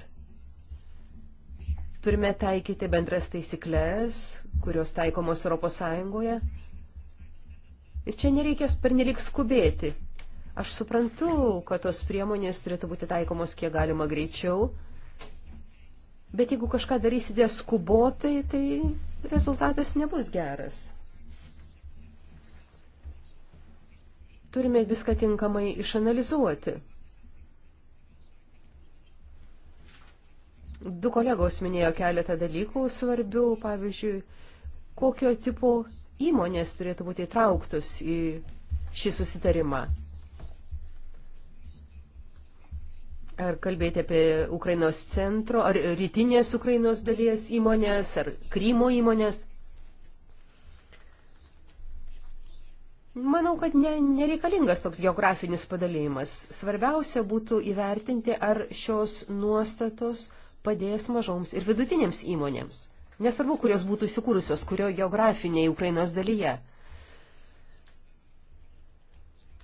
Turime taikyti bendras taisyklės, kurios taikomos ES. Ir čia nereikės pernelik skubėti. Aš suprantu, kad tos priemonės turėtų būti taikomos kiek galima greičiau, bet jeigu kažką darysite skubotai, tai rezultatas nebus geras. Turime viską tinkamai išanalizuoti. Du kolegos minėjo keletą dalykų svarbių, pavyzdžiui, kokio tipo įmonės turėtų būti įtrauktos į šį susitarimą. Ar kalbėti apie Ukrainos centro, ar rytinės Ukrainos dalies įmonės, ar Krymo įmonės? Manau, kad ne, nereikalingas toks geografinis padalymas. Svarbiausia būtų įvertinti, ar šios nuostatos padės mažoms ir vidutinėms įmonėms. Nesvarbu, kurios būtų įsikūrusios, kurio geografinėje Ukrainos dalyje.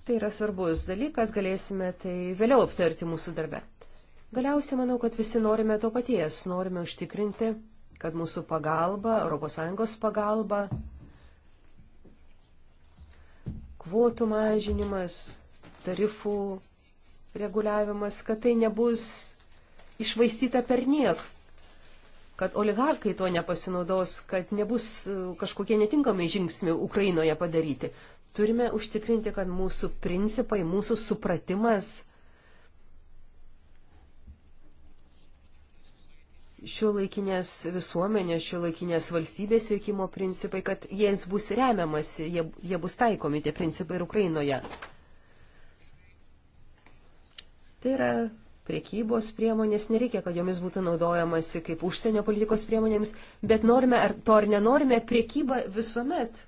Tai yra svarbus dalykas, galėsime tai vėliau aptarti mūsų darbe. Galiausiai manau, kad visi norime to paties, norime užtikrinti, kad mūsų pagalba, ES pagalba, kvotų mažinimas, tarifų reguliavimas, kad tai nebus išvaistyta per niek, kad oligarkai tuo nepasinaudos, kad nebus e, kažkokie netinkami žingsniai Ukrainoje padaryti. Turime užtikrinti, kad mūsų principai, mūsų supratimas šio laikinės visuomenės, šio laikinės valstybės veikimo principai, kad jiems bus remiamas, jie, jie bus taikomi tie principai ir Ukrainoje. Tai yra priekybos priemonės, nereikia, kad jomis būtų naudojamasi kaip užsienio politikos priemonėmis, bet norime ar to ar nenorime, priekyba visuomet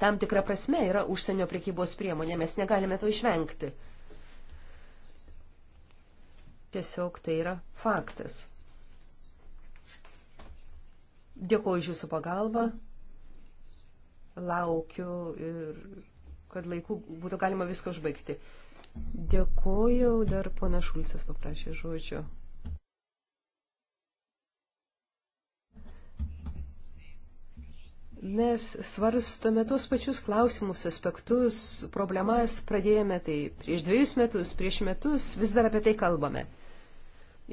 tam tikrą prasme yra užsienio priekybos priemonė, mes negalime to išvengti. Tiesiog tai yra faktas. Dėkuoju už Jūsų pagalbą. Laukiu ir kad laiku būtų galima viską užbaigti. Dėkuoju, dar pana Šulcas paprašė žodžio. Mes svarstome tuos pačius klausimus, aspektus, problemas, pradėjome tai prieš dviejus metus, prieš metus, vis dar apie tai kalbame.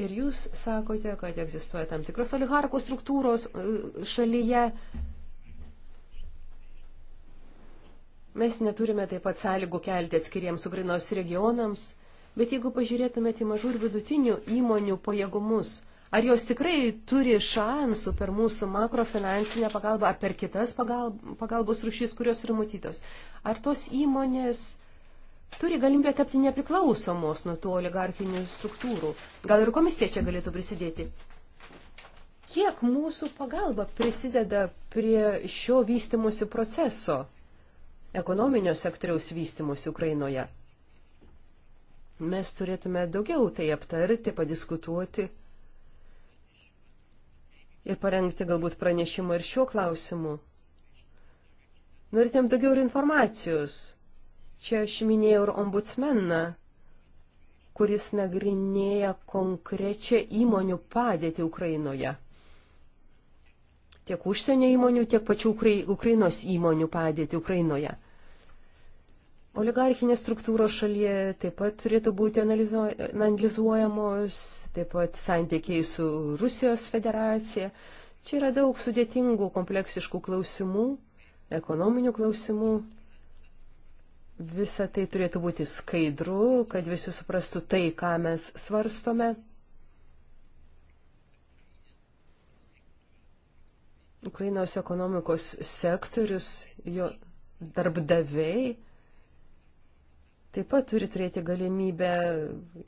Ir jūs sakote, kad egzistuoja tam tikros oligarkų struktūros e, šalyje, Mes neturime taip pat sąlygų kelti atskiriems Ukrainos regionams, bet jeigu pažiūrėtumėte į mažų ir vidutinių įmonių pajėgumus, ar jos tikrai turi šansų per mūsų makrofinansinę pagalbą, ar per kitas pagalb, pagalbos rušys, kurios yra matytos, ar tos įmonės turi galimybę tapti nepriklausomos nuo tų oligarchinių struktūrų. Gal ir komisija čia galėtų prisidėti. Kiek mūsų pagalba prisideda prie šio vystimosi proceso? ekonominio sektoriaus vystimus Ukrainoje. Mes turėtume daugiau tai aptarti, padiskutuoti ir parengti galbūt pranešimą ir šiuo klausimu. Norėtėm daugiau ir informacijos. Čia aš minėjau ir ombudsmeną, kuris nagrinėja konkrečią įmonių padėtį Ukrainoje tiek užsienio įmonių, tiek pačių Ukrainos įmonių padėti Ukrainoje. Oligarchinės struktūros šalyje taip pat turėtų būti analizuojamos, taip pat santykiai su Rusijos federacija. Čia yra daug sudėtingų, kompleksiškų klausimų, ekonominių klausimų. Visa tai turėtų būti skaidru, kad visi suprastų tai, ką mes svarstome. Ukrainos ekonomikos sektorius, jo darbdaviai taip pat turi turėti galimybę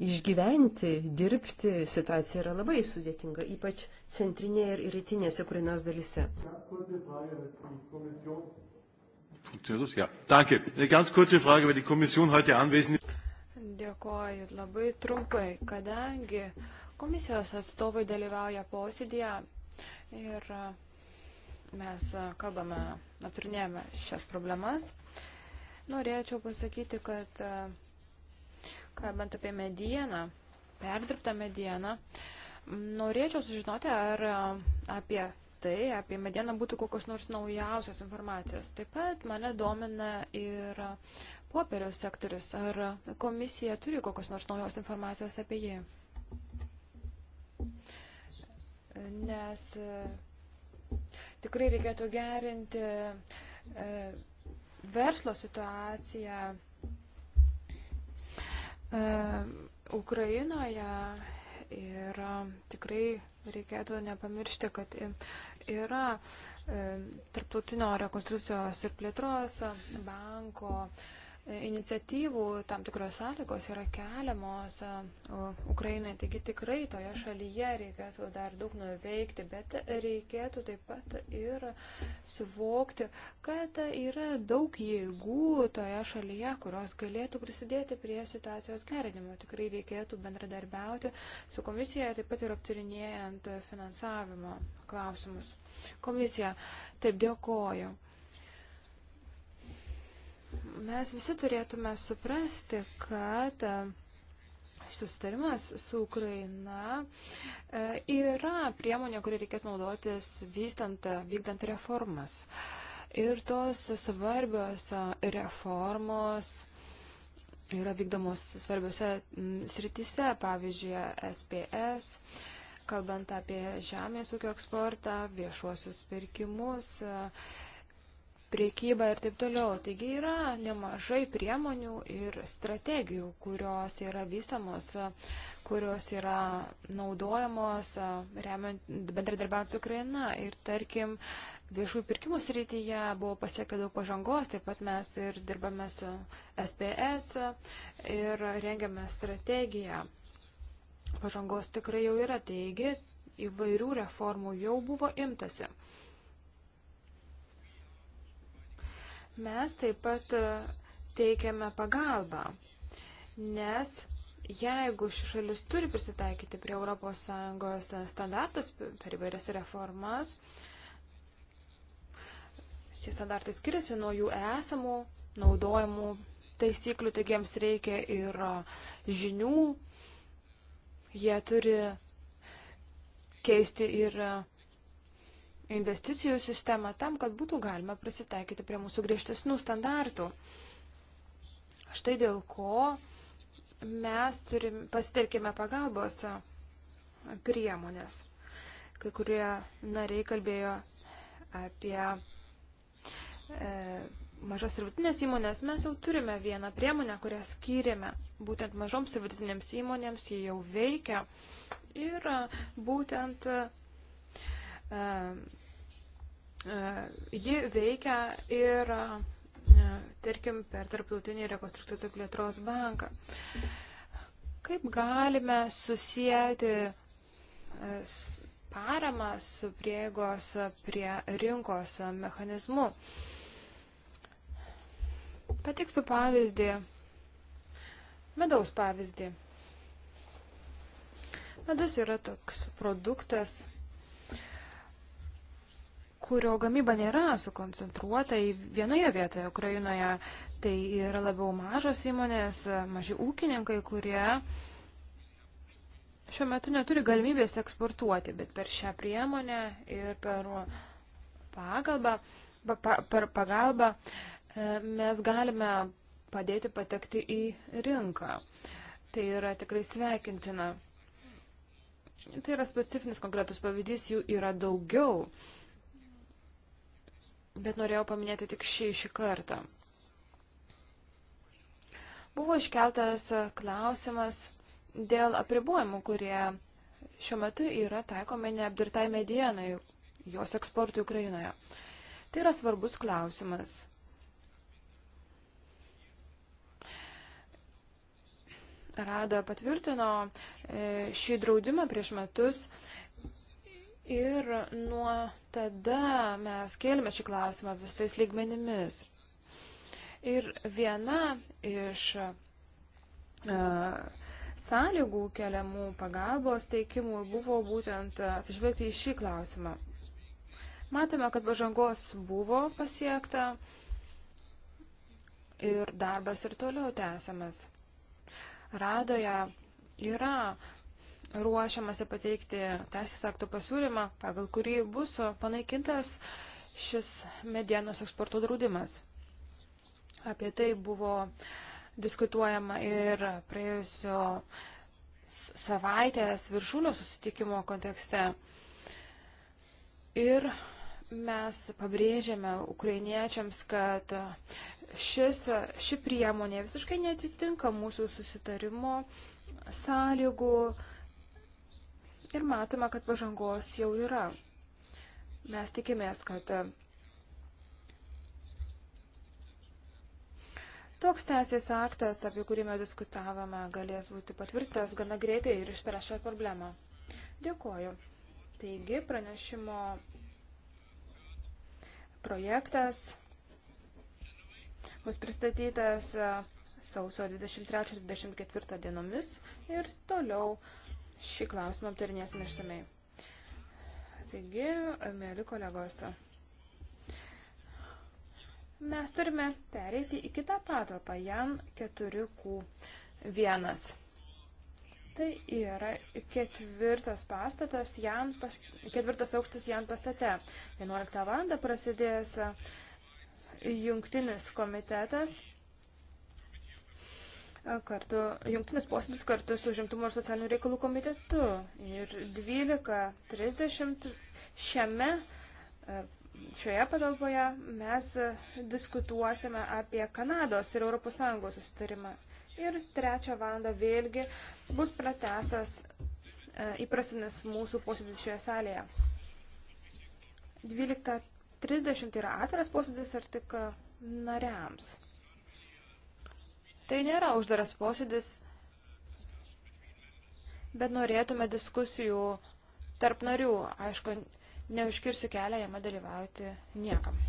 išgyventi, dirbti. Situacija yra labai sudėtinga, ypač centrinėje ir rytinėse Ukrainos dalise. Dėkoju labai trumpai, kadangi komisijos atstovai dalyvauja posėdėje ir mes kalbame, aptarinėjame šias problemas. Norėčiau pasakyti, kad kalbant apie medieną, perdirbtą medieną, norėčiau sužinoti, ar apie tai, apie medieną būtų kokios nors naujausios informacijos. Taip pat mane domina ir popierio sektorius. Ar komisija turi kokios nors naujos informacijos apie jį? Nes Tikrai reikėtų gerinti e, verslo situaciją e, Ukrainoje ir e, tikrai reikėtų nepamiršti, kad yra tarptautinio rekonstrukcijos ir plėtros banko iniciatyvų tam tikros sąlygos yra keliamos Ukrainai, taigi tikrai toje šalyje reikėtų dar daug nuveikti, bet reikėtų taip pat ir suvokti, kad yra daug jėgų toje šalyje, kurios galėtų prisidėti prie situacijos gerinimo. Tikrai reikėtų bendradarbiauti su komisija, taip pat ir aptarinėjant finansavimo klausimus. Komisija, taip dėkoju. Mes visi turėtume suprasti, kad e, susitarimas su Ukraina e, yra priemonė, kurį reikėtų naudotis vystant, vykdant reformas. Ir tos svarbios e, reformos yra vykdomos svarbiose sritise, pavyzdžiui, SPS, kalbant apie žemės ūkio eksportą, viešuosius pirkimus priekybą ir taip toliau. Taigi yra nemažai priemonių ir strategijų, kurios yra vystamos, kurios yra naudojamos, remiant bendradarbiant su Ukraina. Ir tarkim, viešųjų pirkimų srityje buvo pasiekta daug pažangos, taip pat mes ir dirbame su SPS ir rengiame strategiją. Pažangos tikrai jau yra, taigi įvairių reformų jau buvo imtasi. Mes taip pat e, teikiame pagalbą, nes jeigu ši šalis turi prisitaikyti prie ES standartus per įvairias reformas, šie standartai skiriasi nuo jų esamų, naudojamų taisyklių, taigi jiems reikia ir e, žinių, jie turi keisti ir investicijų sistemą tam, kad būtų galima prisitaikyti prie mūsų griežtesnių standartų. Štai dėl ko mes turim, pasitelkime pagalbos priemonės. Kai kurie nariai kalbėjo apie e, mažas ir vidutinės įmonės. Mes jau turime vieną priemonę, kurią skyrėme būtent mažoms ir vidutinėms įmonėms, jie jau veikia. Ir būtent Ehm, ehm, ji veikia ir, e, tarkim, per Tarptautinį rekonstrukcijos ir plėtros banką. Kaip galime susijęti e, paramą su prieigos prie rinkos mechanizmu? Pateiksiu pavyzdį, medaus pavyzdį. Medus yra toks produktas, kurio gamyba nėra sukoncentruota į vienoje vietoje Ukrainoje. Tai yra labiau mažos įmonės, maži ūkininkai, kurie šiuo metu neturi galimybės eksportuoti, bet per šią priemonę ir per pagalbą, pa, per pagalbą e, mes galime padėti patekti į rinką. Tai yra tikrai sveikintina. Tai yra specifinis konkretus pavyzdys, jų yra daugiau. Uh, bet norėjau paminėti tik šį šį kartą. Buvo iškeltas klausimas dėl apribojimų, kurie šiuo metu yra taikomi neapdirtai medienai, jos eksportui Ukrainoje. Tai yra svarbus klausimas. Rada patvirtino e, šį draudimą prieš metus Ir nuo tada mes kėlėme šį klausimą visais lygmenimis. Ir viena iš e, sąlygų keliamų pagalbos teikimų buvo būtent atsižvelgti į šį klausimą. Matėme, kad pažangos buvo pasiekta ir darbas ir toliau tęsiamas. Radoje yra ruošiamasi pateikti teisės aktų pasiūlymą, pagal kurį bus panaikintas šis medienos eksporto draudimas. Apie tai buvo diskutuojama ir praėjusio savaitės viršūnio susitikimo kontekste. Ir mes pabrėžėme ukrainiečiams, kad šis, ši priemonė visiškai netitinka mūsų susitarimo sąlygų, ir matome, kad pažangos jau yra. Mes tikimės, kad e, toks teisės aktas, apie kurį mes diskutavome, galės būti patvirtas gana greitai ir išspręs šią problemą. Dėkoju. Taigi, pranešimo projektas bus pristatytas e, sausio 23-24 dienomis ir toliau šį klausimą aptarinėsime išsamei. Taigi, mėly kolegos, mes turime pereiti į kitą patalpą, jam 4Q1. Tai yra ketvirtas pastatas, jam pas, ketvirtas aukštas jam pastate. 11 val. prasidės jungtinis komitetas kartu, jungtinis posėdis kartu su žimtumo ir socialinių reikalų komitetu. Ir 12.30 šiame, e, šioje patalpoje mes diskutuosime apie Kanados ir ES susitarimą. Ir trečią valandą vėlgi bus pratestas e, įprastinis mūsų posėdis šioje salėje. 12.30 yra atviras posėdis ar tik nariams. Tai nėra uždaras posėdis, bet norėtume diskusijų tarp narių. Aišku, neužkirsiu kelią jame dalyvauti niekam.